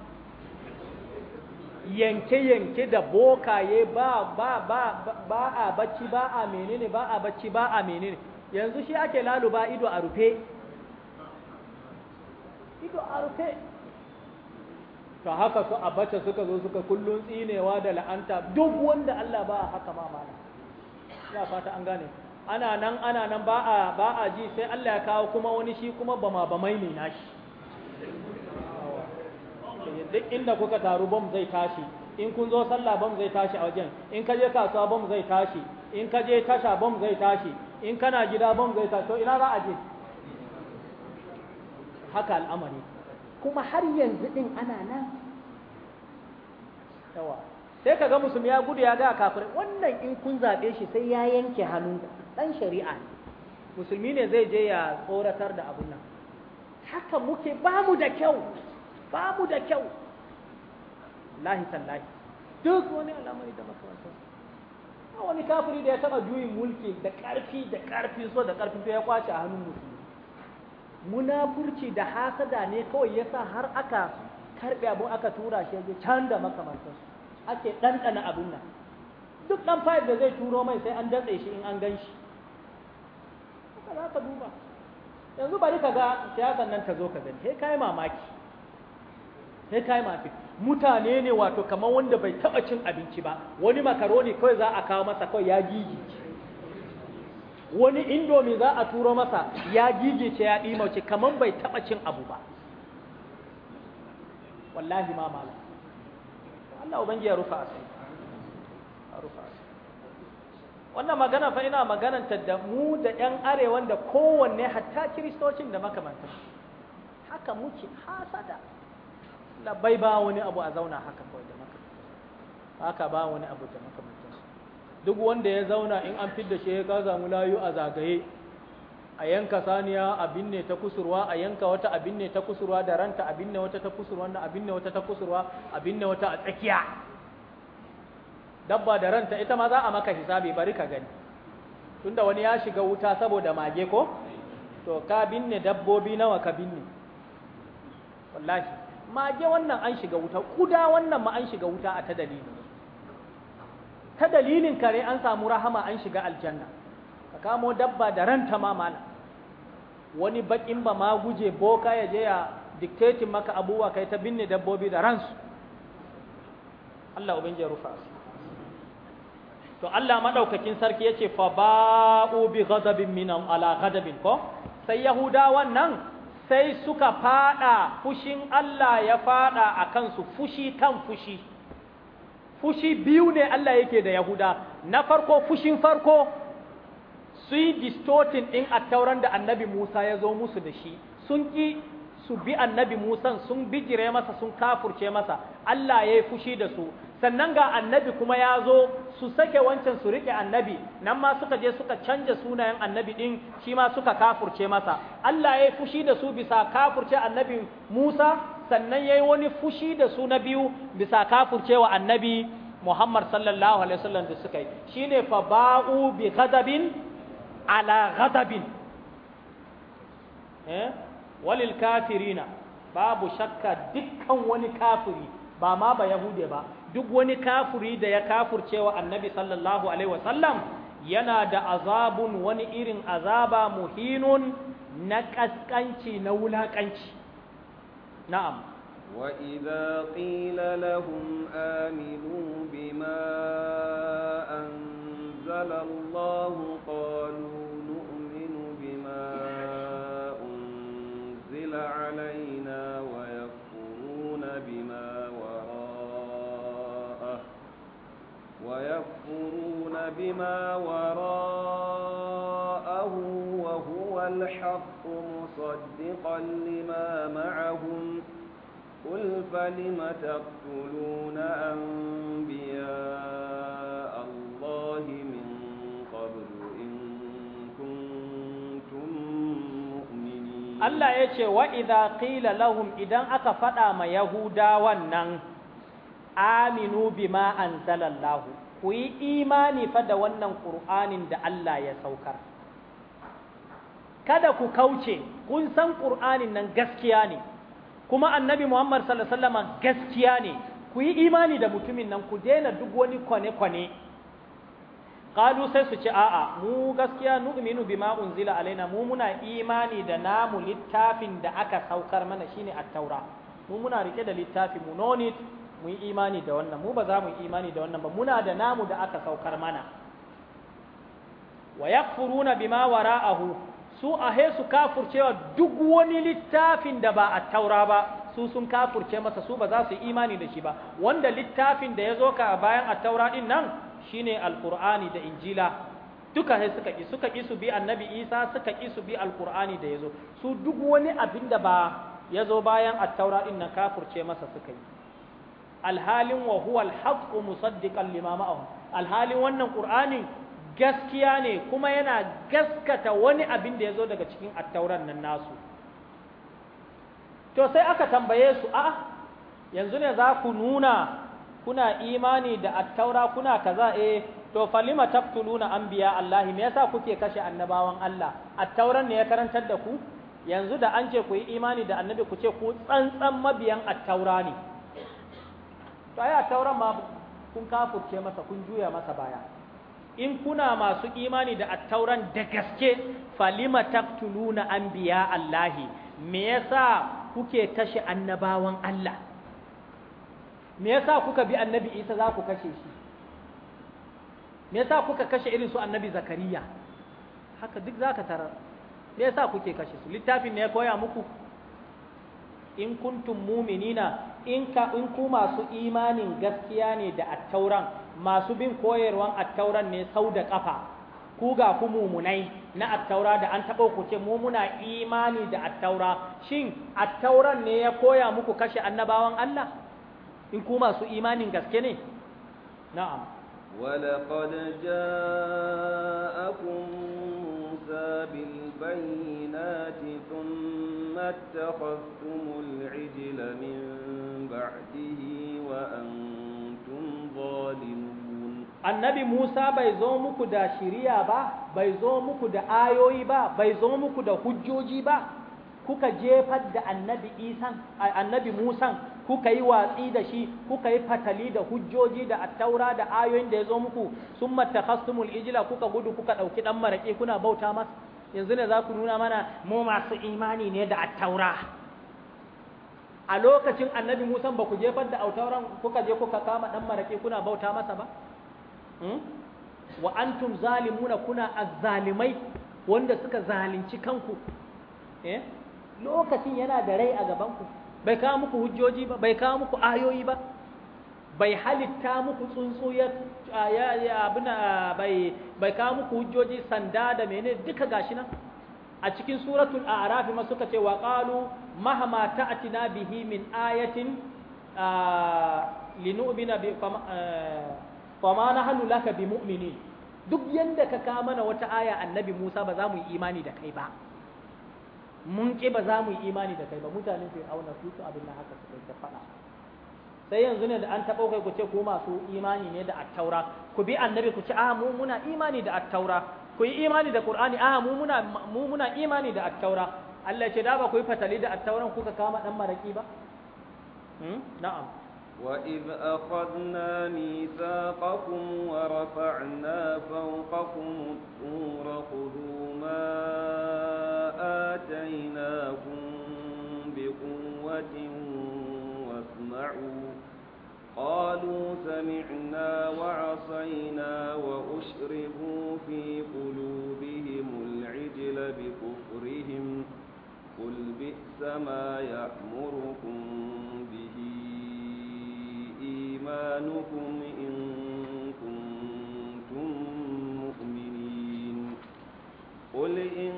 yanke-yanke da bokaye ba ba ba ba a bacci ba a menene ba a bacci ba a menene yanzu shi ake laluba ido a rufe ido a rufe to haka su bace suka zo suka kullun tsinewa da la'anta duk wanda Allah ba a haka ma mana ina fata an gane ana nan ana nan ba a ba a ji sai Allah ya kawo kuma wani shi kuma ba bama bamai ne nashi duk inda kuka taru bam zai tashi in kun zo sallah bam zai tashi a wajen in ka je kasuwa bam zai tashi in ka je tasha bam zai tashi in kana gida bam zai tashi to ina za a je haka al'amari kuma har yanzu din ana nan yawa sai kaga musulmi ya gudu ya ga kafir wannan in kun zabe shi sai ya yanke hannu dan shari'a musulmi ne zai je ya tsoratar da abun nan haka muke ba mu da kyau ba mu da kyau lahi tallahi duk wani al'amari da makamantarsa wani kafiri da ya taba juyin mulki da ƙarfi da ƙarfi so da ƙarfi to ya kwace a hannun musulmi munafurci da hasada ne kawai yasa har aka karbe abu aka tura shi ya can da makamantar ake ɗanɗana abin nan duk ɗan fayil da zai turo mai sai an datse shi in an gan shi haka za ka duba yanzu bari ka ga siyasan nan ta zo ka gani sai kai mamaki sai kai mafi mutane ne wato kamar wanda bai taɓa cin abinci ba wani makaroni kawai za a kawo masa kawai ya gigi wani indomi za a turo masa ya gigice ya ɗimauce kamar bai taɓa cin abu ba wallahi ma malam Allah ubangi ya rufa asiri wannan magana fa ina magananta da mu da ƴan arewan da kowanne hatta kiristocin da makamanta haka muke hasada Allah bai ba wani abu a zauna haka kawai da makamanta haka ba wani abu da makamanta duk wanda ya zauna in an fidda shi ya kaza mu layu a zagaye a yanka saniya a binne ta kusurwa a yanka wata a binne ta kusurwa da ranta a binne wata ta kusurwa a binne wata ta kusurwa a binne wata a tsakiya dabba da ranta ita ma za a maka hisabi bari ka gani tunda wani ya shiga wuta saboda mage ko to ka binne dabbobi nawa ka binne wallahi mage wannan an shiga wuta kuda wannan ma an shiga wuta a ta dalili ta dalilin kare an samu rahama an shiga aljanna ka kamo dabba da ranta ma mana wani bakin ba ma guje boka ya je ya dictating maka abubuwa kai ta binne dabbobi da ransu Allah ubangiji ya rufa su to Allah madaukakin sarki yace fa ba'u bi ghadabin min ala ghadabin ko sai yahudawan nan sai suka fada fushin Allah ya fada akan su fushi kan fushi fushi biyu ne Allah yake da Yahuda na farko fushin farko su yi distortin a attauran da annabi Musa ya zo musu da shi sun ki su bi annabi Musa sun bijire masa sun kafurce masa Allah ya yi fushi da su sannan ga annabi kuma ya zo su sake wancan su riƙe annabi nan ma suka je suka canja sunayen annabi ɗin shi ma suka kafurce masa Allah ya yi fushi da su bisa kafurce annabi Musa sannan yayi wani fushi da su na biyu bisa kafurcewa annabi Muhammad sallallahu alaihi wasallam da suka yi shine fa ba'u bi ghadabin ala ghadabin eh walil kafirina babu shakka dukkan wani kafiri ba ma ba yahude ba duk wani kafiri da ya kafurcewa annabi sallallahu alaihi wasallam yana da azabun wani irin azaba muhinun na kaskanci na wulaƙanci نعم وإذا قيل لهم آمنوا بما أنزل الله قالوا نؤمن بما أنزل علينا ويكفرون بما وراءه ويكفرون بما وراءه هو الحق مصدقا لما معهم قل فلم تقتلون أنبياء الله من قبل إن كنتم مؤمنين الله يشي وإذا قيل لهم إذا أكفأ ما يهودا ونن آمنوا بما أنزل الله ku yi imani fa da wannan ƙur'anin da Allah ya saukar kada ku kauce kun san qur'anin nan gaskiya ne kuma annabi muhammad sallallahu gaskiya ne ku yi imani da mutumin nan ku daina duk wani kwane-kwane qalu sai su ce a'a mu gaskiya nu'minu bima unzila alaina mu muna imani da namu littafin da aka saukar mana shine at-taura mu muna rike da littafi mu nonit mu yi imani da wannan mu ba za mu yi imani da wannan ba muna da namu da aka saukar mana wa yakfuruna bima wara'ahu su a su kafurcewa duk wani littafin da ba a taura ba su sun kafurce masa su ba za su yi imani da shi ba wanda littafin da ya zo ka bayan a taura din nan shine alkur'ani da injila duka sai suka ki suka ki su bi annabi isa suka ki su bi alkur'ani da ya zo su duk wani abin da ba ya zo bayan a taura din nan kafurce masa suka yi alhalin wa huwa alhaqqu musaddiqan lima alhalin wannan qur'anin gaskiya ne kuma yana gaskata wani abin da ya zo daga cikin attauran nan nasu to sai aka tambaye su a yanzu ne za ku nuna kuna imani da attaura kuna kaza eh to falima an anbiya Allah me yasa kuke kashe annabawan Allah attauran ne ya karantar da ku yanzu da an ce ku yi imani da annabi ku ce ku tsantsan mabiyan attaura ne to ai attauran ma kun kafurce masa kun juya masa baya in kuna masu imani da attauran da gaske falima taqtuluna anbiya Allahi me yasa kuke kashe annabawan Allah me yasa kuka bi annabi Isa za ku kashe shi me yasa kuka kashe irin su annabi Zakariya haka duk zaka tarar me yasa kuke kashe su littafin ne ya koya muku in kuntum mu'minina in ka in ku masu imanin gaskiya ne da attauran masu bin koyarwan attauran ne sau da ƙafa ku ga ku mumunai na attaura da an taɓa ku ce mu muna imani da attaura shin attauran ne ya koya muku kashe annabawan Allah in ku masu imanin gaske ne na'am ولقد جاءكم موسى بالبينات ثم اتخذتم العجل من بعده وأنتم zalimun annabi Musa bai zo muku da shiriya ba bai zo muku da ayoyi ba bai zo muku da hujjoji ba kuka jefar da annabi Isan annabi Musan kuka yi watsi da shi kuka yi fatali da hujjoji da attaura da ayoyin da ya zo muku summa takhastumul ijla kuka gudu kuka dauki dan marake kuna bauta masu yanzu ne za ku nuna mana mu masu imani ne da attaura a lokacin annabi musa ba ku jefar da autauran kuka je kuka kama dan marake kuna bauta masa ba hmm? wa antum zalimuna kuna azzalimai wanda suka zalunci kanku eh? lokacin yana da rai a gabanku bai kawo muku hujjoji ba bai kawo muku ayoyi ba bai halitta muku tsuntsu ya abuna bai bai kawo muku hujjoji sanda da menene duka gashi nan a cikin suratul arafi ma suka ce wa qalu مهما تأتنا به من آية لنؤمن فما نحن لك بمؤمنين duk yanda ka ka mana wata aya annabi Musa ba za mu yi imani da kai ba mun ki ba za mu yi imani da kai ba mutanen auna, su su abin haka su kai ta fada sai yanzu ne da an taɓa kai ku ce ku masu imani ne da attaura ku bi annabi ku ce a mu muna imani da attaura ku yi imani da qur'ani a mu muna mu muna imani da attaura Allah ce da ba ku yi fatali da attauran kuka kama dan maraki ba hmm? na'am وإذ أخذنا ميثاقكم ورفعنا فوقكم khudhu خذوا ما آتيناكم بقوة واسمعوا قالوا سمعنا وعصينا وأشربوا في قلوبهم العجل بكفر قل بئس ما يأمركم به إيمانكم إن كنتم مؤمنين قل إن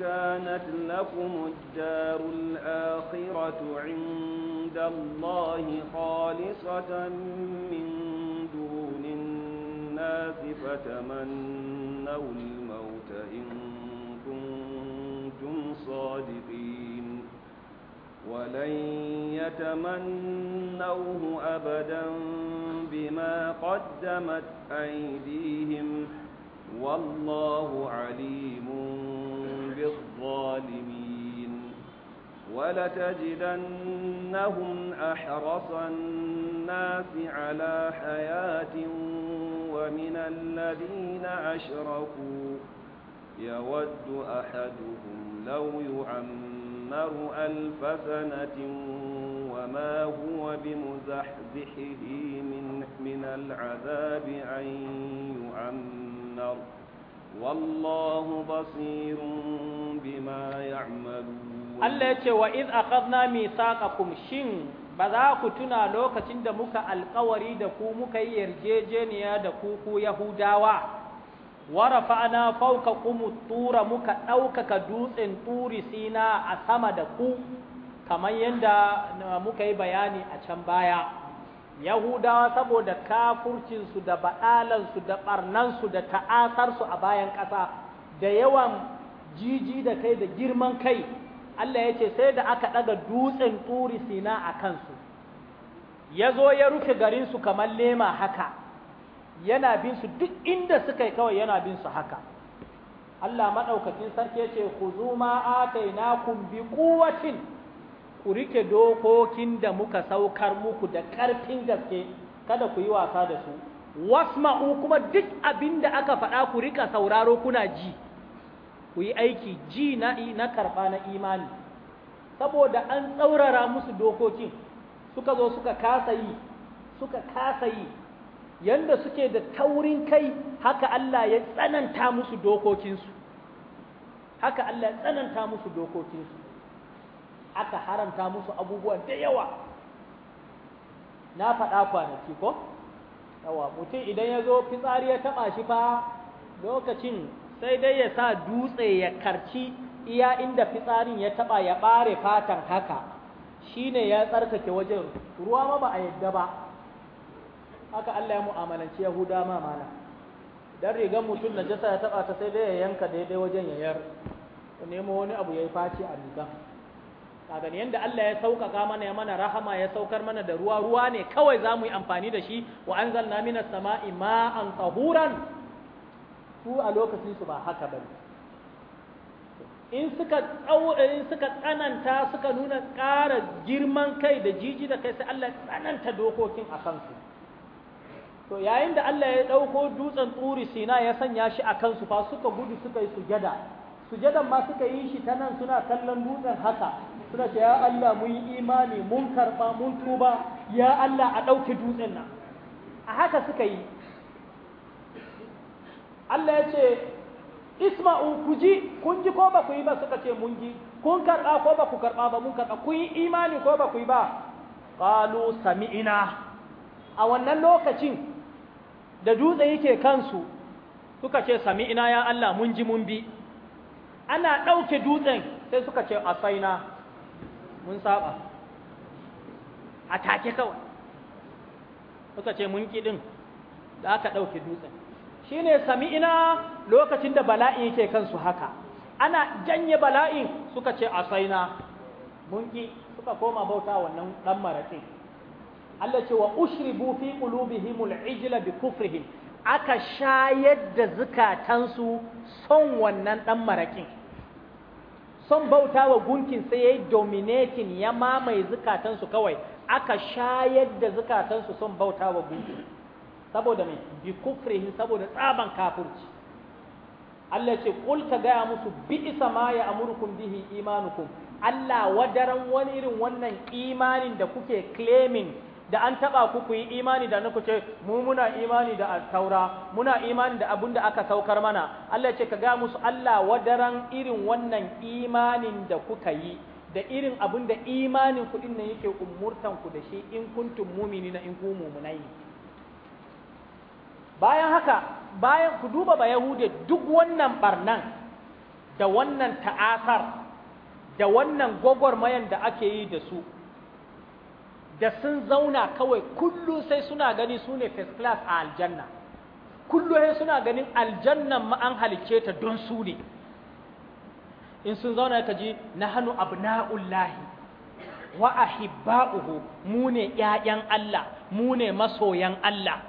كانت لكم الدار الآخرة عند الله خالصة من دون الناس فتمنوا الموت إن كنتم صادقين ولن يتمنوه أبدا بما قدمت أيديهم والله عليم بالظالمين ولتجدنهم أحرص الناس على حياة ومن الذين أشركوا يود أحدهم لو يعمر ألف سنة وما هو بمزحزحه من, من العذاب أن يعمر والله بصير بما يعملون الله يقول وإذ أخذنا ميثاقكم شن ba za ku tuna lokacin da muka alkawari da ku muka yi yarjejeniya da ku ku Yahudawa warafa'na fawqa qumut tura muka ɗaukaka dutsen turi sina a sama da ku kamar yadda muka yi bayani a can baya yahudawa saboda kafurcinsu da ba'alansu da ɓarnansu da ta'asarsu a bayan ƙasa da yawan jiji da kai da girman kai Allah ya ce sai da aka ɗaga dutsen turi sina a kansu ya zo ya rufe garinsu kamar lema haka yana bin su duk inda suka yi kawai yana bin su haka Allah maɗaukakin sarki ce ku zo ma atainakum bi quwwatin ku rike dokokin da muka saukar muku da ƙarfin gaske kada ku yi wasa da su wasma'u kuma duk abinda aka faɗa ku rika sauraro kuna ji ku yi aiki ji na na karɓa na imani saboda an tsaurara musu dokokin suka zo suka kasa yi suka kasa yi yanda suke da taurin kai haka Allah ya tsananta musu dokokinsu haka Allah ya tsananta musu dokokinsu aka haramta musu abubuwa da yawa na faɗa kwanaki ko yawa mutum idan ya zo fitsari ya taɓa shi fa lokacin sai dai ya sa dutse ya karci iya inda fitsarin ya taɓa ya ɓare fatan haka shine ya tsarkake wajen ruwa ma ba a yadda ba haka Allah ya mu'amalanci Yahuda ma mana dan rigar mutum na jasa ya taba ta sai dai ya yanka daidai wajen ya yar nemo wani abu yayi faci a rigar kaga ne yanda Allah ya saukaka mana ya mana rahama ya saukar mana da ruwa ruwa ne kawai za mu yi amfani da shi wa anzalna minas sama'i ma'an tahuran su a lokacin su ba haka bane in suka in suka tsananta suka nuna ƙara girman kai da jiji da kai sai Allah ya tsananta dokokin a kansu to yayin da Allah ya ɗauko dutsen turi sina ya sanya shi a kansu fa suka gudu suka yi sujada sujadan ma suka yi shi ta nan suna kallon dutsen haka suna ce ya Allah mun yi imani mun karɓa mun tuba ya Allah a ɗauki dutsen nan a haka suka yi Allah ya ce isma'u ku ji kun ji ko ba ku yi ba suka ce mun ji kun karɓa ko ba ku karɓa ba mun karɓa ku yi imani ko ba ku yi ba qalu sami'ina a wannan lokacin da dutse yake kansu suka ce sami ina ya Allah mun ji mun bi ana ɗauke dutsen sai suka ce a saina mun saba a take kawai suka ce mun kiɗin da aka ɗauke dutsen shi ne sami ina lokacin da bala'in yake kansu haka ana janye bala'in suka ce a saina mun ki suka koma bauta wannan ɗan maraƙi Allah ce wa ushribu fi qulubihimul ijla bi kufrihim aka shayar da zukatansu son wannan dan marakin son bauta wa gunkin sai yayi dominating ya mamaye zukatansu kawai aka shayar da zukatansu son bauta wa gunkin saboda mai bi kufrihim saboda tsaban kafirci Allah ce kul ka gaya musu bi isa ma ya amurkum bihi imanukum Allah wadaran wani irin wannan imanin da kuke claiming da an taba ku ku yi imani da nuku ce mu muna imani da taura muna imani da abin da aka saukar mana Allah ce ka ga musu Allah wadaran irin wannan imanin da kuka yi da irin abin da imanin ku din nan yake umurtan ku da shi in kuntum mu'minina in ku mu'minai bayan haka bayan ku duba ba yahude duk wannan barnan da wannan ta'asar da wannan gwagwarmayan da ake yi da su da sun zauna kawai kullum sai suna gani su ne first class a aljanna kullu sai suna ganin aljannan ma an halicce ta don su ne in sun zauna ka ji na hannu abna'ullahi wa ahibba'uhu mu ne ƴaƴan Allah mu ne masoyan Allah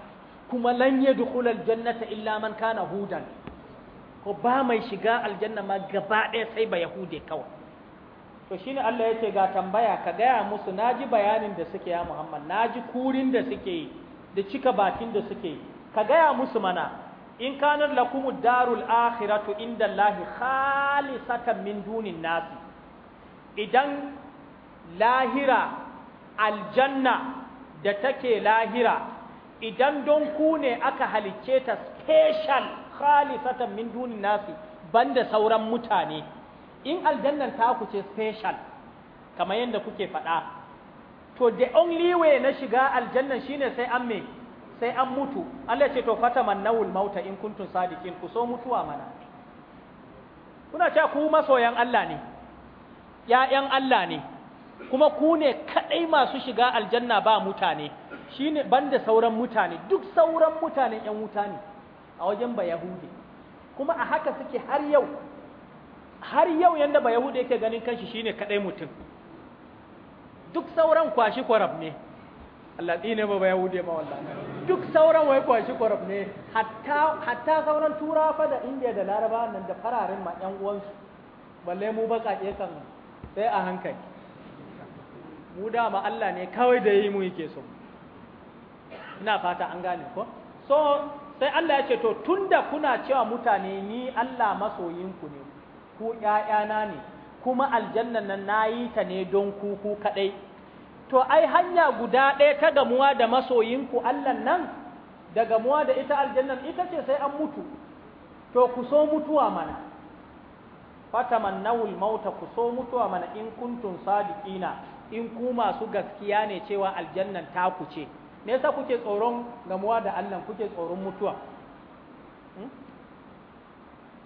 kuma lan yadkhul aljannata illa man kana hudan ko ba mai shiga aljanna ma gaba ɗaya sai ba yahude kawai to ne Allah ya ce ga tambaya ka gaya musu na ji bayanin da suke ya Muhammad ji kurin da suke yi da cika bakin da suke yi ka gaya musu mana in kanar lakumu darul akhiratu inda khali khalisatan min dunin nasi idan lahira aljanna da take lahira idan don ku ne aka halicce ta special khalisatan min dunin nasi banda sauran mutane in aljannan ta ku ce special kamar yadda kuke faɗa to the only way na shiga aljannan shine sai an me sai an mutu Allah ce to fataman nawul mauta in kuntum sadiqin ku so mutuwa mana kuna cewa ku masoyan Allah ne ‘ya'yan Allah ne, kuma ku ne kadai masu shiga aljanna ba mutane, shine banda sauran mutane, duk sauran mutanen ‘yan wuta ne a wajen ba Yahudi, kuma a haka suke har yau har yau yanda ba yahuda yake ganin kanshi shine kadai mutum duk sauran kwashi kwarab ne Allah ne ba ba yahude ma wallahi duk sauran wai kwashi kwarab ne hatta sauran turawa fa da indiya da laraba nan da fararen ma yan uwansu balle mu baƙaƙe kan sai a hankali mu dama Allah ne kawai da yi mu yake so ina fata an gane ko so sai Allah ya ce to tunda kuna cewa mutane ni Allah masoyinku ne ku ‘ya'yana ne kuma aljannan nan na yi ta ne don ku ku kaɗai to ai hanya guda ɗaya ta gamuwa da masoyinku Allah nan da gamuwa da ita aljannan ita ce sai an mutu to ku so mutuwa mana nawul mauta ku so mutuwa mana in kuntun sadiqina in ku masu gaskiya ne cewa aljannan ta ku ce me yasa kuke tsoron gamuwa da Allah kuke tsoron mutuwa hmm?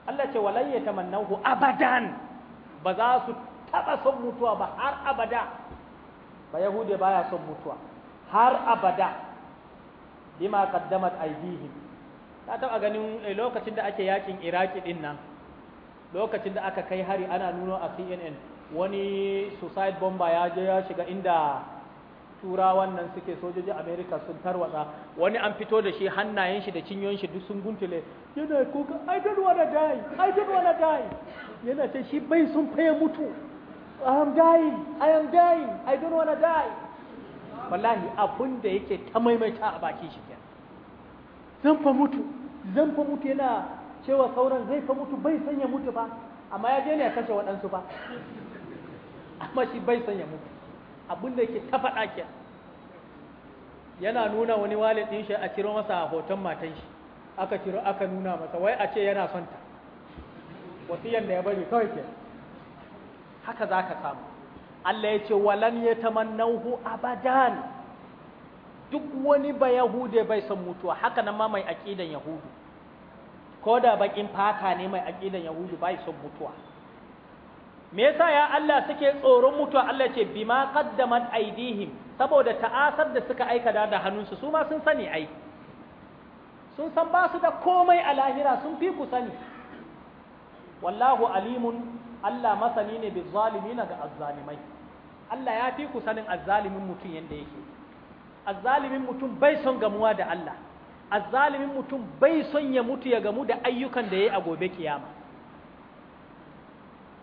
Allah ce walan yatamannahu abadan ba za su taɓa son mutuwa ba har abada ba yahude ya son mutuwa har abada bima kaddamat aydihim ta taba ganin eh, lokacin da ake yakin iraki din nan lokacin da aka kai hari ana nuno a CNN wani suicide bomber ya je ya shiga inda tura wannan suke sojoji america sun tarwatsa wani an fito da shi hannayen shi da cinyoyin shi duk sun guntule yana kuka i don't wanna die i don't wanna die yana ce shi bai sun faye mutu i am dying i am dying i don't wanna die wallahi abun da yake ta maimaita a baki shi kenan zan fa mutu zan fa mutu yana cewa sauran zai fa mutu bai sanya mutu ba amma ya je ne ya kashe waɗansu ba amma shi bai sanya mutu abin da yake ta faɗa ke yana nuna wani walid ɗin shi a ciro masa a hoton matan shi aka ciro aka nuna masa wai a ce yana son ta wasiyan da ya bari kawai ke haka za ka samu Allah ya ce walan ya tamannahu abadan duk wani ba yahude bai san mutuwa haka nan ma mai aƙidan yahudu ko da bakin fata ne mai aƙidan yahudu bai son mutuwa me yasa ya Allah suke tsoron mutuwa Allah ce bima qaddamat aidihim saboda ta'asar da suka aikada da hannunsu su ma sun sani ai sun san ba su da komai a lahira sun fi ku sani wallahu alimun Allah masani ne bi zalimin ga azzalimai Allah ya fi ku sanin azzalimin mutum yanda yake azzalimin mutum bai son gamuwa da Allah azzalimin mutum bai son ya mutu ya gamu da ayyukan da yayi a gobe kiyama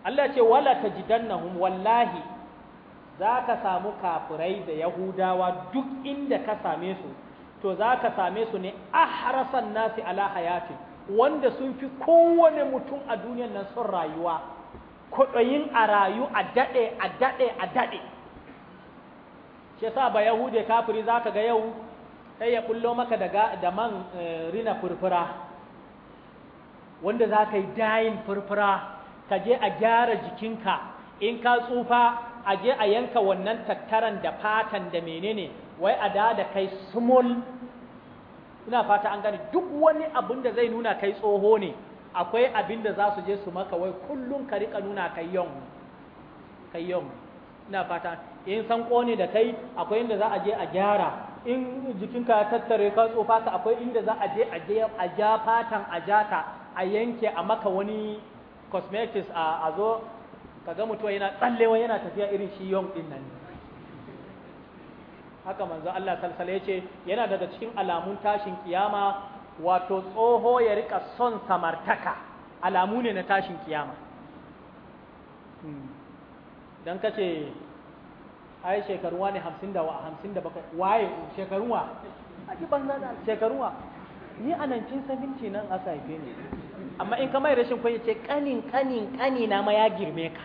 Allah ce wala tajidannahum wallahi za ka samu kafirai da yahudawa duk inda ka same su to za ka same su ne ahrasan nasi ala hayati wanda sun fi kowane mutum a duniyan nan son rayuwa kuɗayin a rayu a daɗe a daɗe a daɗe shi sa ba yahude kafiri za ka ga yau sai ya kullo maka da man eh, rina furfura wanda za ka yi dayin furfura ka je a gyara jikinka in ka tsufa a je a yanka wannan tattaran da fatan da menene wai a da da kai small ina fata an gane duk wani abin da zai nuna kai tsoho ne akwai abin da za su je su maka wai kullum ka rika nuna kai yon kai yon ina fata in san kone da kai akwai inda za a je a gyara in jikinka ya tattare ka tsufa ka akwai inda za a je a je a ja fatan a jata a yanke a maka wani cosmetics a zo kaga mutuwa yana tsallewa yana tafiya irin shi yong din nan haka manzo Allah salsala yace yana daga cikin alamun tashin kiyama wato tsoho ya rika son samartaka alamu ne na tashin kiyama hmm. dan kace ai shekaruwa ne 50 da 57 waye shekaruwa aki banza da shekaruwa ni a 1970 nan aka haife ni amma in ka mai rashin kunya ce kanin kanin kani na ma ya girme ka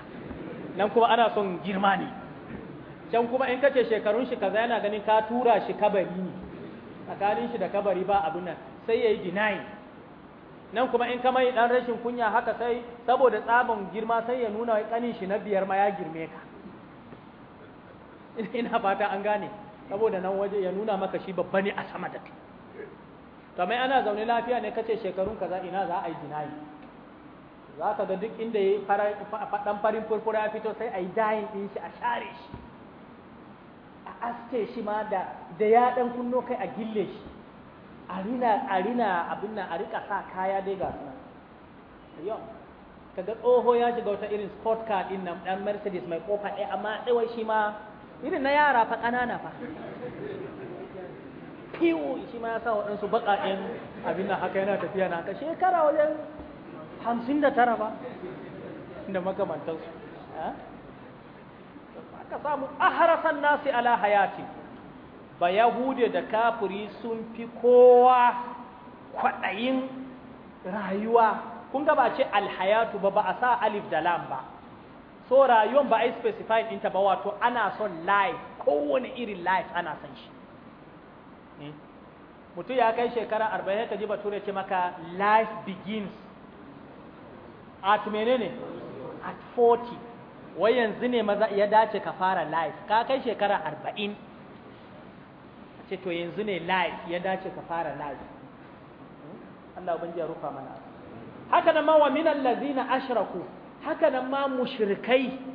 nan kuma ana son girma ne can kuma in kace shekarun shi kaza yana ganin ka tura shi kabari ne tsakanin shi da kabari ba abin nan sai yayi deny nan kuma in ka mai dan rashin kunya haka sai saboda tsaban girma sai ya nuna wai kanin shi na biyar ma ya girme ka *laughs* ina fata an gane saboda nan waje ya nuna maka shi babba ne a sama da kai kamar ana zaune lafiya ne kace shekarun kaza ina za a yi jinayi za ka ga duk inda ya yi faɗan farin furfura ya fito sai a yi dayin ɗin shi a share shi a aske shi ma da da ya ɗan kunno kai a gille shi a rina a rina abin nan a rika sa kaya dai ga sunan yau kaga tsoho ya shiga wata irin sport car ɗin nan ɗan mercedes mai kofa ɗaya amma ɗawai shi ma irin na yara fa ƙanana fa kiwo shi ma ya sa waɗansu baƙaƙen abin da haka yana tafiya na ta shekara wajen hamsin da tara ba da Ba aka samu aharasan nasi ala hayati ba yahude da kafuri sun fi kowa kwaɗayin rayuwa kun ga ba ce alhayatu ba ba a sa alif da lam ba so rayuwan ba a yi specified ɗinta ba wato ana son life kowane irin life ana son shi Hmm? mutum ya kai shekara arba'in kaji ji bature ce maka life begins at menene at 40 wai yanzu ne maza ya dace ka fara life ka kai shekara arba'in ce to yanzu ne life ya dace ka fara life hmm? Allah ubangiji ya rufa mana haka nan ma wa minan lazina ashraku haka nan ma mushrikai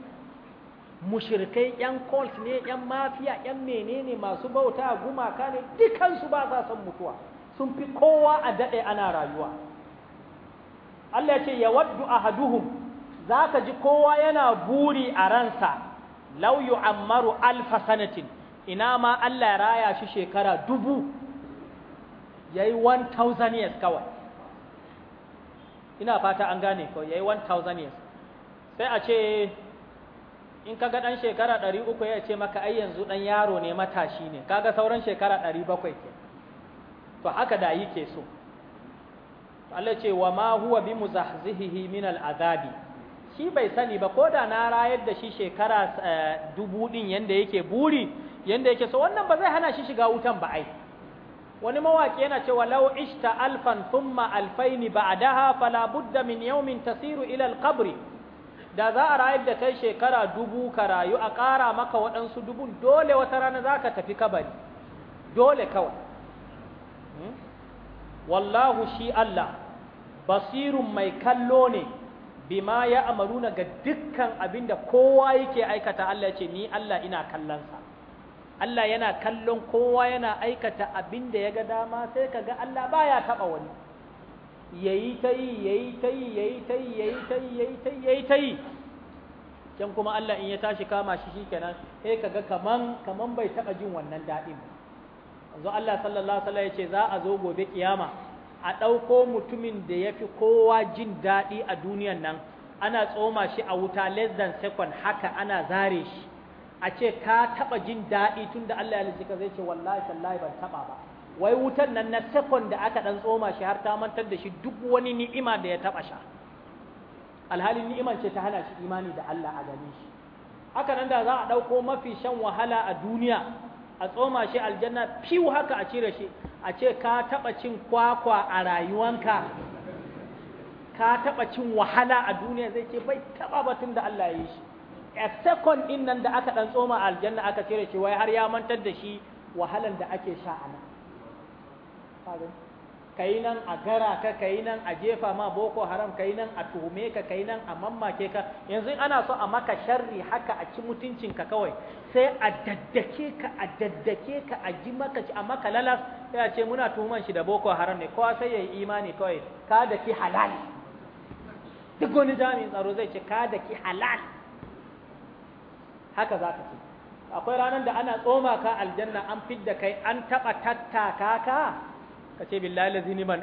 mushirkai yan cult ne yan mafiya yan menene masu bauta gumaka ne dukansu ba sa son mutuwa sun fi kowa a daɗe ana rayuwa Allah ya ce ya waddu ahaduhum zaka ji kowa yana buri a ransa law yu'ammaru alfa sanatin ina ma Allah ya raya shi shekara dubu yayi 1000 years kawai ina fata an gane ko yayi 1000 years sai a ce in ka ga ɗan shekara ɗari uku ya ce maka ai yanzu ɗan yaro ne matashi ne kaga sauran shekara ɗari bakwai ke to haka da yi ke so Allah ce wa ma huwa bi muzahzihihi min azabi shi bai sani ba ko da na rayar da shi shekara eh, dubu ɗin yanda yake buri yanda yake so wannan ba zai hana shi shiga wutan ba ai wani mawaki yana cewa law ishta alfan thumma alfaini ba'daha fala budda min yawmin tasiru ila al-qabri da za a rayar da kai shekara dubu ka rayu a ƙara maka waɗansu dubu, dole wata rana za ka tafi kabari dole kawai hmm? wallahu shi Allah basirun mai kallo ne bima ya amaruna ga dukkan abin da kowa yake aikata Allah ce ni Allah ina kallonsa Allah yana kallon kowa yana aikata abin da ya ga dama sai ka ga Allah ba ya taɓa wani yayi ta yi yayi ta yi yayi ta yi yayi ta yi yayi ta yi yayi ta yi can kuma Allah in ya tashi kama shi shikenan sai kaga kaman kaman bai taba jin wannan ba. yanzu Allah sallallahu alaihi wasallam yace za a zo gobe kiyama a ɗauko mutumin da yafi kowa jin daɗi a duniyan nan ana tsoma shi a wuta less than second haka ana zare shi a ce ka taɓa jin daɗi tunda Allah ya lissika zai ce wallahi tallahi ban taɓa ba wai wutan nan na sekon da aka ɗan tsoma shi har ta mantar da shi duk wani ni'ima da ya taɓa sha alhalin ni'iman ce ta hana shi imani da Allah a gani shi haka nan da za a ɗauko mafi shan wahala a duniya a tsoma shi aljanna fiw haka a cire shi a ce ka taɓa cin kwakwa a rayuwanka ka taɓa cin wahala a duniya zai ce bai taɓa batun da Allah ya yi shi a second ɗin nan da aka ɗan tsoma aljanna aka cire shi wai har ya mantar da shi wahalan da ake sha a nan kai nan a gara ka kai nan a jefa ma boko haram kai nan a tuhume ka kai nan a mammake ka yanzu ana so a maka sharri haka a ci mutuncin ka kawai sai a daddake ka a daddake ka a ji maka a maka lalas sai ce muna tuhuman shi da boko haram ne kowa sai yayi imani kawai ka da ki halal duk wani jami'in tsaro zai ce ka da ki halal haka za ka ce akwai ranar da ana tsoma ka aljanna an fidda kai an taɓa tattaka ka ka ce billahi lazini ba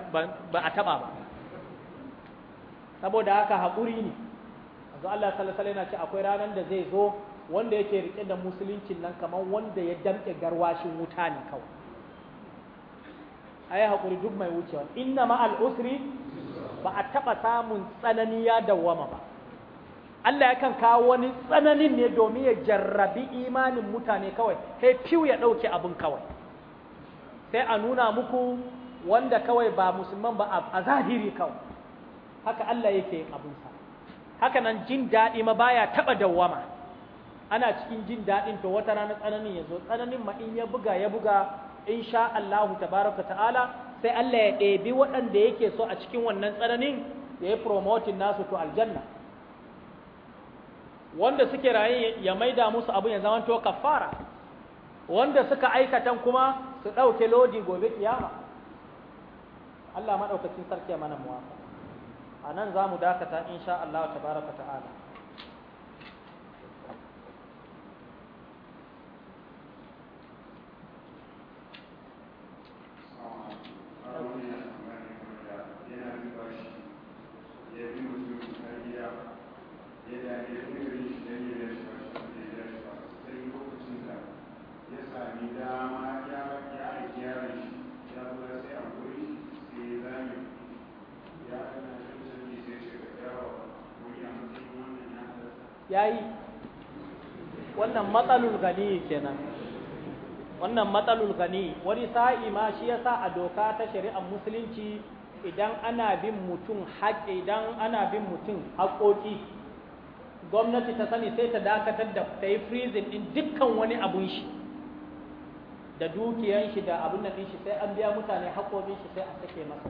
a taɓa ba saboda haka haƙuri ne zo Allah salasala yana ce akwai ranar da zai zo wanda yake rike da musuluncin nan kamar wanda ya damƙe garwashin wuta ne kawai ayi haƙuri duk mai wucewa inna ma'al al'usri ba a taɓa samun tsanani ya dawwama ba Allah yakan kawo wani tsananin ne domin ya jarrabi imanin mutane kawai sai fiw ya ɗauke abin kawai sai a nuna muku wanda kawai ba musulman ba a zahiri kawai haka Allah yake yin abinsa haka nan jin daɗi ma baya taɓa dawwama ana cikin jin daɗin to wata rana tsananin ya zo tsananin ma in ya buga ya buga in sha Allahu tabaraka ta'ala sai Allah ya ɗebi waɗanda yake so a cikin wannan tsananin ya yi nasu to aljanna wanda suke raye ya maida musu abin ya zama to kafara wanda suka aikatan kuma su ɗauke lodi gobe kiyama Allah madaukakin sarki ya mana muwafa anan zamu dakata insha Allah tabaraka ta'ala Thank you. yayi wannan matsalul gani kenan wannan matsalul gani wani sa'i ma shi yasa a doka ta shari'ar musulunci idan ana bin mutum haƙƙi idan ana bin mutum hakoki gwamnati ta sani sai ta dakatar da ta yi freezing din dukkan wani abun shi da dukiyan shi da abun nan shi sai an biya mutane haƙoƙin shi sai a sake masa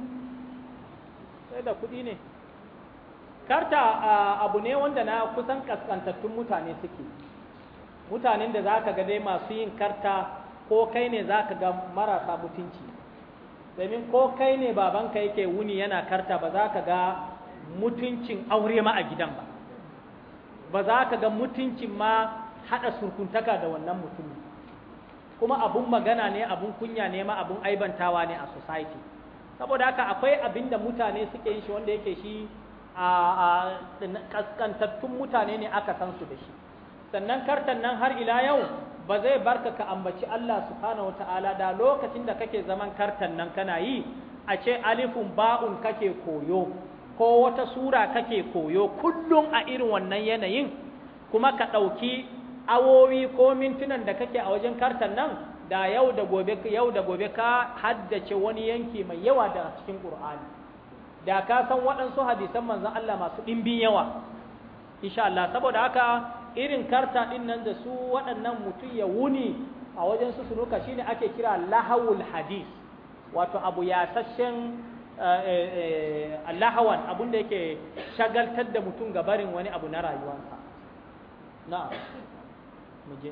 da kuɗi ne karta abu ne wanda na kusan kaskantattun mutane suke mutanen da zaka ga dai masu yin karta ko kai ne za ga marasa mutunci domin ko kai ne babanka yake wuni yana karta ba za ka ga mutuncin aure ma a gidan ba ba za ka ga mutuncin ma haɗa surkuntaka da wannan mutumin kuma abun magana ne abun kunya ne ma abun aibantawa ne a society saboda haka akwai abin da mutane suke yin shi wanda yake shi a kaskantattun mutane ne aka san su da shi sannan kartan nan har ila yau ba zai barka ka ambaci Allah subhanahu wata'ala da lokacin da kake zaman kartan nan kana yi a ce alifun ba'un kake koyo ko wata sura kake koyo kullum a irin wannan yanayin kuma ka ɗauki awowi ko mintunan da kake a wajen kartan nan da yau da gobe yau da gobe ka haddace wani yanki mai yawa da cikin Qur'ani da ka san waɗansu hadisan manzon Allah masu ɗimbin yawa insha Allah saboda haka irin karta din nan da su waɗannan mutum ya wuni a wajen su sunuka shine ake kira lahawul hadis wato abu ya sashen eh, eh, eh, lahawan abun da yake shagaltar da mutum barin wani abu na rayuwarsa na'am muje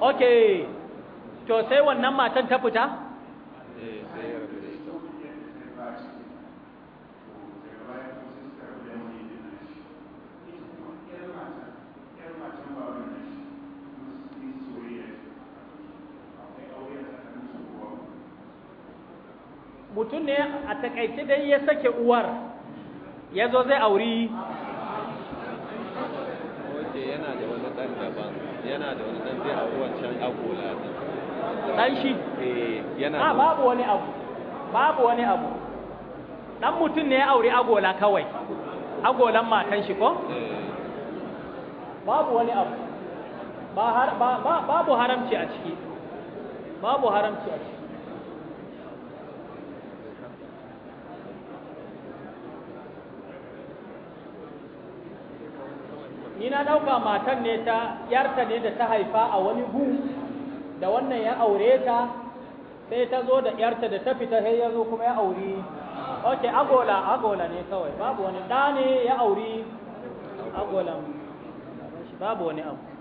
Ok, to sai wannan matan ta fita mutum ne a takaice dai ya sake uwar ya zo zai auri yana da wani ɗan daban yana da wani dan zai abu wancan agola dan shi eh yana ah, a babu wani abu babu wani abu dan mutum ne ya aure agola kawai agolan matan shi ko eh. babu wani abu ba babu haramci a ciki babu haramci a ciki ni na ɗauka matan ne ta yarta ne da ta haifa a wani gu da wannan ya aure ta sai ta zo da yarta da ta fita sai ya zo kuma ya auri ok agola agola ne kawai babu wani ɗa ne ya auri agolan babu wani abu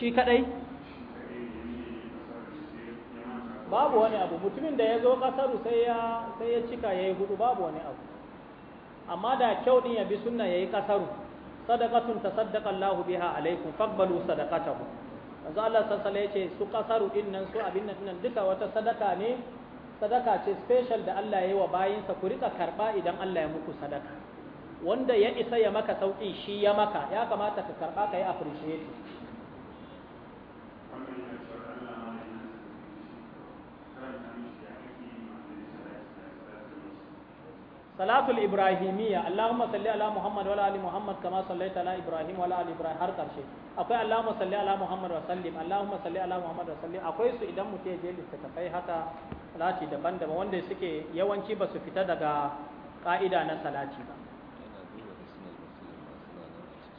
shi kadai babu wani abu mutumin da ya zo kasaru sai ya sai ya cika yayi hudu babu wani abu amma da kyau din ya bi sunna yayi kasaru sadaqatun tasaddaqa Allahu biha alaikum faqbalu sadaqatahu yanzu Allah sallallahu alaihi ce su kasaru din su abin nan duka wata sadaka ne sadaka ce special da Allah yayi wa bayinsa ku rika karba idan Allah ya muku sadaka wanda ya isa ya maka sauki shi ya maka ya kamata ka karba kai appreciate salatul ibrahimiyya allahumma salli ala muhammad wa ala ali muhammad kama sallaita ala ibrahim wa ala ali ibrahim har karshe akwai allahumma salli ala muhammad wa sallim allahumma salli ala muhammad wa sallim akwai su idan mutum je littattafai haka salati daban-daban wanda suke yawanci ba su fita daga ka'ida na salati ba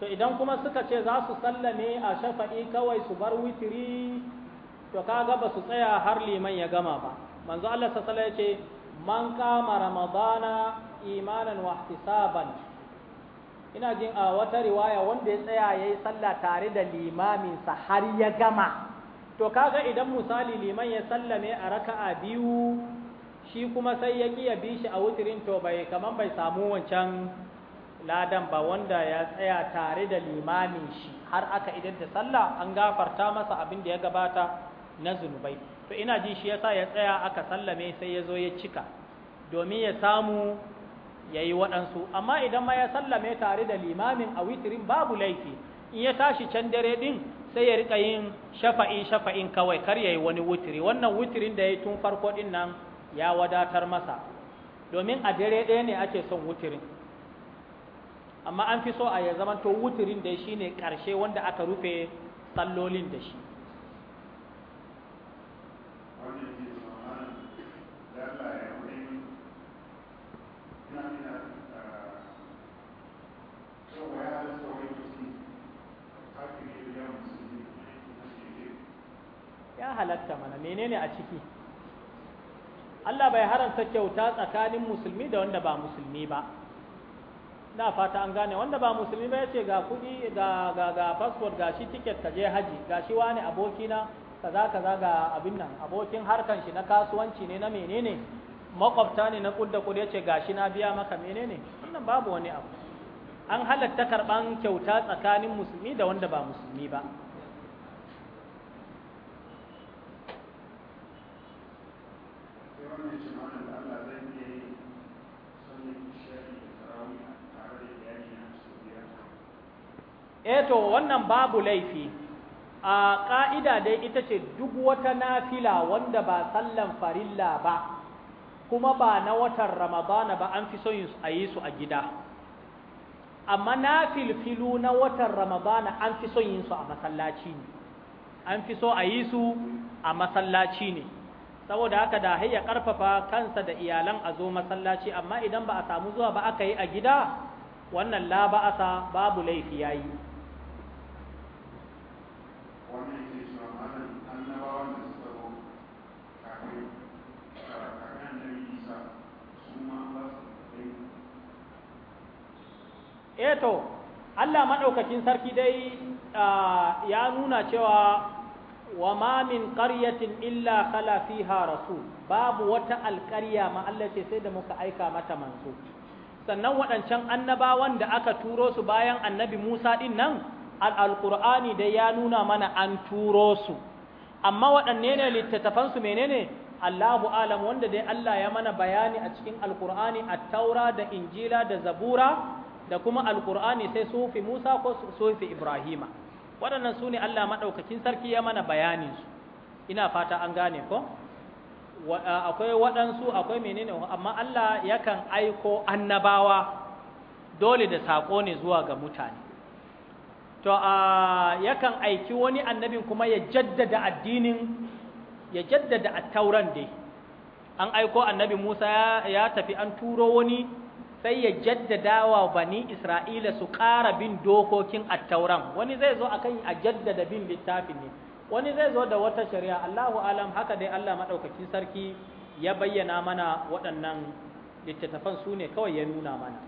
to idan kuma suka ce za su sallame a shafa'i kawai su bar witiri to kaga ba su tsaya har liman ya gama ba manzo Allah sallallahu sallaya ce man kama ramadana imanan wa ihtisaban ina jin a wata riwaya wanda ya tsaya yayi sallah tare da limamin sa har ya gama to kaga idan misali liman ya sallame a raka'a biyu shi kuma sai ya ya bi shi a wutirin to bai kaman bai samu wancan ladan ba wanda ya tsaya tare da limamin shi har aka idan da sallah an gafarta masa abin da ya gabata na zunubai to ina ji shi yasa ya tsaya aka sallame sai ya zo ya cika domin ya samu ya yi waɗansu amma idan ma ya sallame tare da limamin a witirin babu laifi in ya tashi can dare ɗin sai ya riƙa yin shafa'i shafa'in kawai kar ya yi wani witiri wannan witirin da ya yi tun farko ɗin nan ya wadatar masa domin a dare ɗaya ne ake son witirin amma an fi so a ya zamanto wuturin da shi ne ƙarshe wanda aka rufe tsallolin da shi ya halatta mana menene a ciki Allah bai haramta kyauta tsakanin musulmi da wanda ba musulmi ba na fata an gane wanda ba musulmi ba ya ce ga kudi ga ga ga passport ga shi ticket ka je haji ga shi wani abokina kaza kaza ga abin nan abokin harkan shi na kasuwanci ne na menene makwabta ne na kudda kudi ya ce ga shi na biya maka menene wannan babu wani abu an halatta karban kyauta tsakanin musulmi da wanda ba musulmi ba eh to wannan babu laifi a ƙa'ida dai ita ce duk wata nafila wanda ba sallan farilla ba kuma ba na watan ramadana ba an fi son a yi su a gida amma nafilfilu na watan ramadana an fi son yin su a masallaci ne an fi so a yi su a masallaci ne saboda haka da hayya karfafa kansa da iyalan a zo masallaci amma idan ba a samu zuwa ba aka yi a gida wannan la ba'asa babu laifi yayi wanda eh to Allah maɗaukacin sarki dai ya nuna cewa wa ma min illa kalafi fiha rasul babu wata alƙarya ma Allah ce sai da muka aika mata manzo sannan waɗancan annabawan da aka turo su bayan annabi Musa din nan alƙur'ani dai ya nuna mana an turo su amma waɗanne ne littattafansu menene Allahu alam wanda dai Allah ya mana bayani a cikin alƙur'ani a taura da injila da zabura da kuma alƙur'ani sai sufi Musa ko sufi Ibrahima waɗannan su ne Allah maɗaukakin sarki ya mana bayanin su ina fata an gane ko akwai waɗansu akwai menene amma Allah yakan aiko annabawa dole da saƙo ne zuwa ga mutane to a yakan aiki wani annabin kuma ya jaddada addinin ya jaddada attauran dai an aiko annabi Musa ya tafi an turo wani sai ya jaddada wa bani Isra'ila su ƙara bin dokokin attauran wani zai zo akan a jaddada bin littafin ne wani zai zo da wata shari'a Allahu alam haka dai Allah madaukakin sarki ya bayyana mana waɗannan littattafan su ne kawai ya nuna mana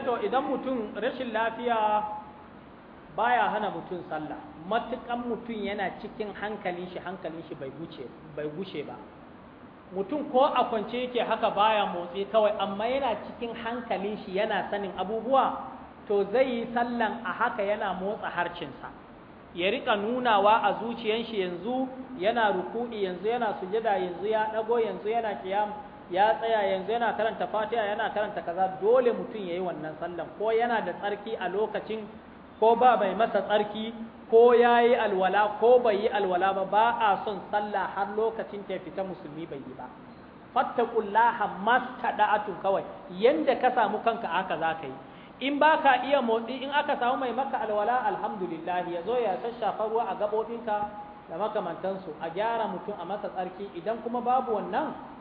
eto eh idan mutum rashin lafiya baya hana mutum sallah matukan mutum yana cikin hankalin shi hankalin shi bai guce bai gushe ba mutum ko a kwance yake haka baya motsi kawai amma yana cikin hankalin shi yana sanin abubuwa to zai yi sallan a haka yana motsa harcinsa ya rika nunawa a zuciyan shi yanzu yana ruku'i yanzu yana sujada yanzu ya dago yanzu yana kiyam ya tsaya yanzu yana karanta fatiha yana karanta kaza dole mutum ya yi wannan sallan ko yana da tsarki a lokacin ko ba bai masa tsarki ko yayi alwala ko bai yi alwala ba ba a son sallah har lokacin ta fita musulmi bai yi ba fattaqullaha mastada'atu kawai yanda ka samu kanka aka za ka yi in ba ka iya motsi in aka samu mai maka alwala alhamdulillah ya zo ya shashafa ruwa a gabobinka da makamantansu a gyara mutum a masa tsarki idan kuma babu wannan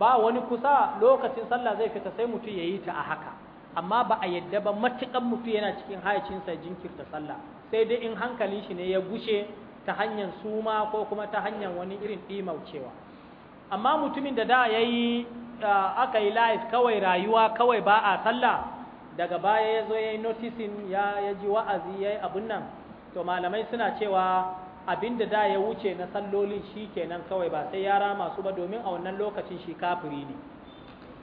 ba wani kusa lokacin sallah zai fita sai mutum ya yi ta a haka amma ba a yadda ba matukan mutum yana cikin hayacinsa jinkirta sallah sai dai in hankalin shi ne ya gushe ta hanyar suma ko kuma ta hanyar wani irin ɗimaucewa amma mutumin da da ya yi eh, aka yi live kawai rayuwa kawai ba a sallah daga baya ya zo ya yi noticing ya ji wa'azi ya yi abin nan to malamai suna cewa abinda da ya wuce na sallolin shi kenan kawai ba sai yara masu ba domin a wannan lokacin shi kafiri ne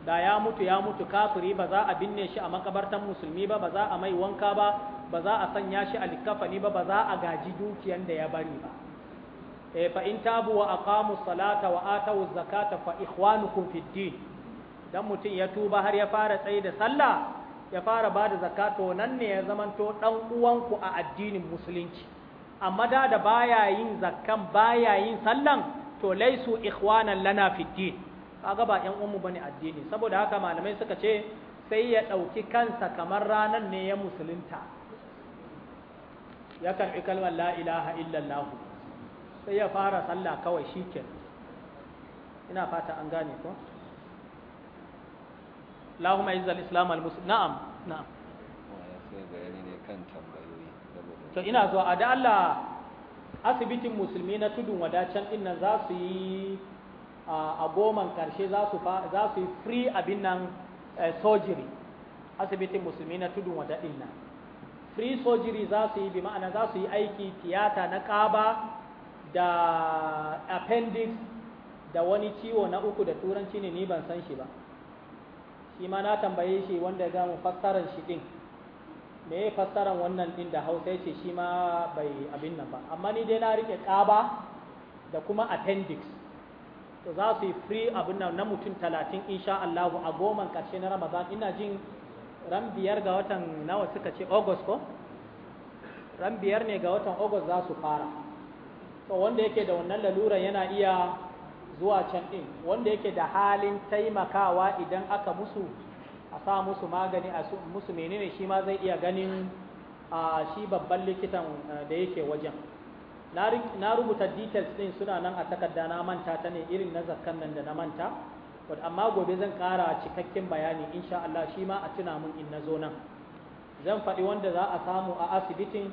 da ya mutu ya mutu kafiri ba za a binne shi a makabartan musulmi ba ba za a mai wanka ba ba za a sanya shi a likafani ba ba za a gaji dukiyan da ya bari ba e fa in tabu wa aqamu salata wa atawu zakata fa ikhwanukum fid din dan mutun ya tuba har ya fara tsaye da sallah ya fara bada zakato nan ne ya zamanto dan uwanku a addinin musulunci amma da da baya yin zakkan baya yin sallan to laisu ikhwanan lana fid din kaga ba ƴan uwanmu bane addini saboda haka malamai suka ce sai ya ɗauki kansa kamar ranan ne ya musulunta ya karɓi kalmar la ilaha illallah sai ya fara sallah kawai shiken ina fata an gane ko Allahumma izzal islam al muslim na'am na'am ya sai bayani ne kan tambaya to ina zuwa a da Allah asibitin musulmi na tudun wadacen din nan za su yi a goman karshe za su yi free abin nan eh, surgery asibitin musulmi na tudun wada din nan free surgery za su yi bi ma'ana za su yi aiki tiyata na kaba da appendix da wani ciwo na uku da turanci ne ni ban san shi ba shi ma na tambaye shi wanda ya gamu fassarar shi din me ya fassara wannan din da hausa ce shi ma bai abin nan ba amma ni dai na rike ƙaba da kuma appendix to za su yi free abin nan na mutum talatin insha Allahu a goma ƙarshe na Ramadan ina jin ran biyar ga watan nawa suka ce August ko ran biyar ne ga watan August za su fara to wanda yake da wannan lalura yana iya zuwa can din wanda yake da halin taimakawa idan aka musu sa musu magani a musu menene shi ma zai iya ganin a shi babban likitan da yake wajen na rubuta details din suna nan a takarda na manta ta ne irin na zakkan nan da na manta amma gobe zan kara cikakken bayani insha Allah shi ma a tuna mun in na zo nan zan faɗi wanda za a samu a asibitin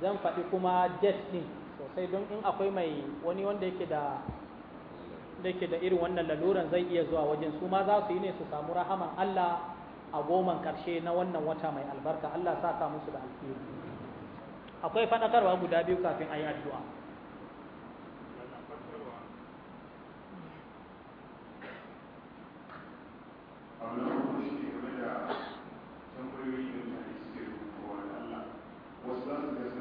zan faɗi kuma date ɗin sosai don in akwai mai wani wanda yake da da irin wannan laluran zai iya zuwa wajen su ma za su yi ne su samu rahaman Allah a goman ƙarshe na wannan wata mai albarka Allah sa ka musu da alfiyar akwai faɗakarwa guda biyu kafin a yi addu'a wasu za su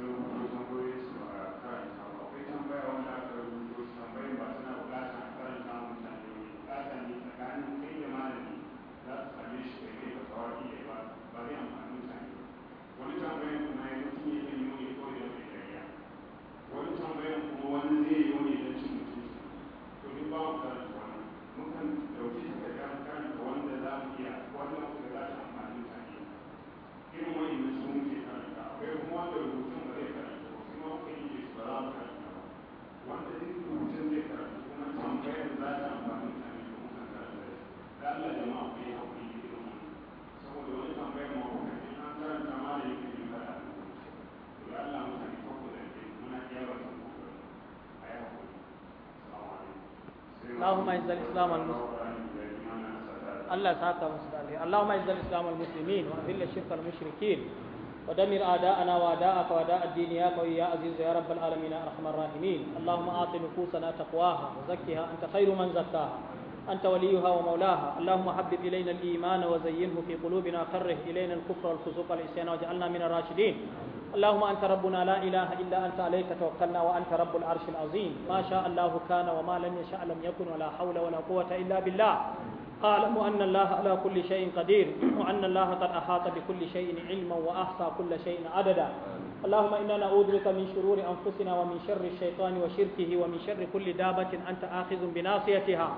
اللهم اعز الاسلام والمسلمين الله ساتا مسلمين اللهم اعز الاسلام والمسلمين واذل الشرك والمشركين ودمر اعداءنا واعداءك واعداء الدين يا قوي يا عزيز يا رب العالمين يا ارحم الراحمين اللهم اعط نفوسنا تقواها وزكها انت خير من زكاها أنت وليها ومولاها اللهم حبب إلينا الإيمان وزينه في قلوبنا كره إلينا الكفر والفسوق والعصيان واجعلنا من الراشدين اللهم أنت ربنا لا إله إلا أنت عليك توكلنا وأنت رب العرش العظيم ما شاء الله كان وما لم يشاء لم يكن ولا حول ولا قوة إلا بالله أعلم أن الله على كل شيء قدير وأن الله قد أحاط بكل شيء علما وأحصى كل شيء عددا اللهم إنا نعوذ بك من شرور أنفسنا ومن شر الشيطان وشركه ومن شر كل دابة أنت آخذ بناصيتها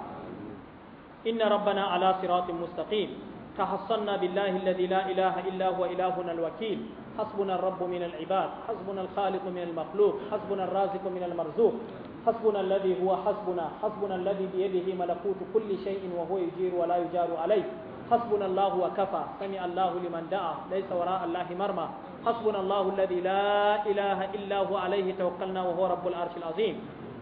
إن ربنا على صراط مستقيم تحصنا بالله الذي لا إله إلا هو إلهنا الوكيل حسبنا الرب من العباد حسبنا الخالق من المخلوق حسبنا الرازق من المرزوق حسبنا الذي هو حسبنا حسبنا الذي بيده ملكوت كل شيء وهو يجير ولا يجار عليه حسبنا الله وكفى سمع الله لمن دعا ليس وراء الله مرمى حسبنا الله الذي لا إله إلا هو عليه توكلنا وهو رب العرش العظيم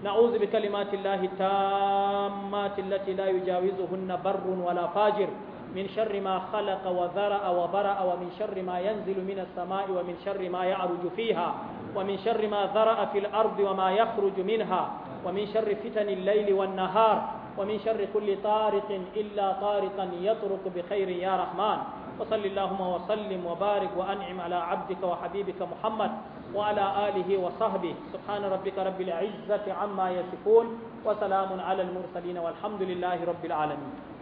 نعوذ بكلمات الله التامات التي لا يجاوزهن بر ولا فاجر من شر ما خلق وذرأ وبرأ ومن شر ما ينزل من السماء ومن شر ما يعرج فيها ومن شر ما ذرأ في الأرض وما يخرج منها ومن شر فتن الليل والنهار ومن شر كل طارق إلا طارقا يطرق بخير يا رحمن وصل اللهم وسلم وبارك وأنعم على عبدك وحبيبك محمد وعلى آله وصحبه سبحان ربك رب العزة عما يصفون وسلام على المرسلين والحمد لله رب العالمين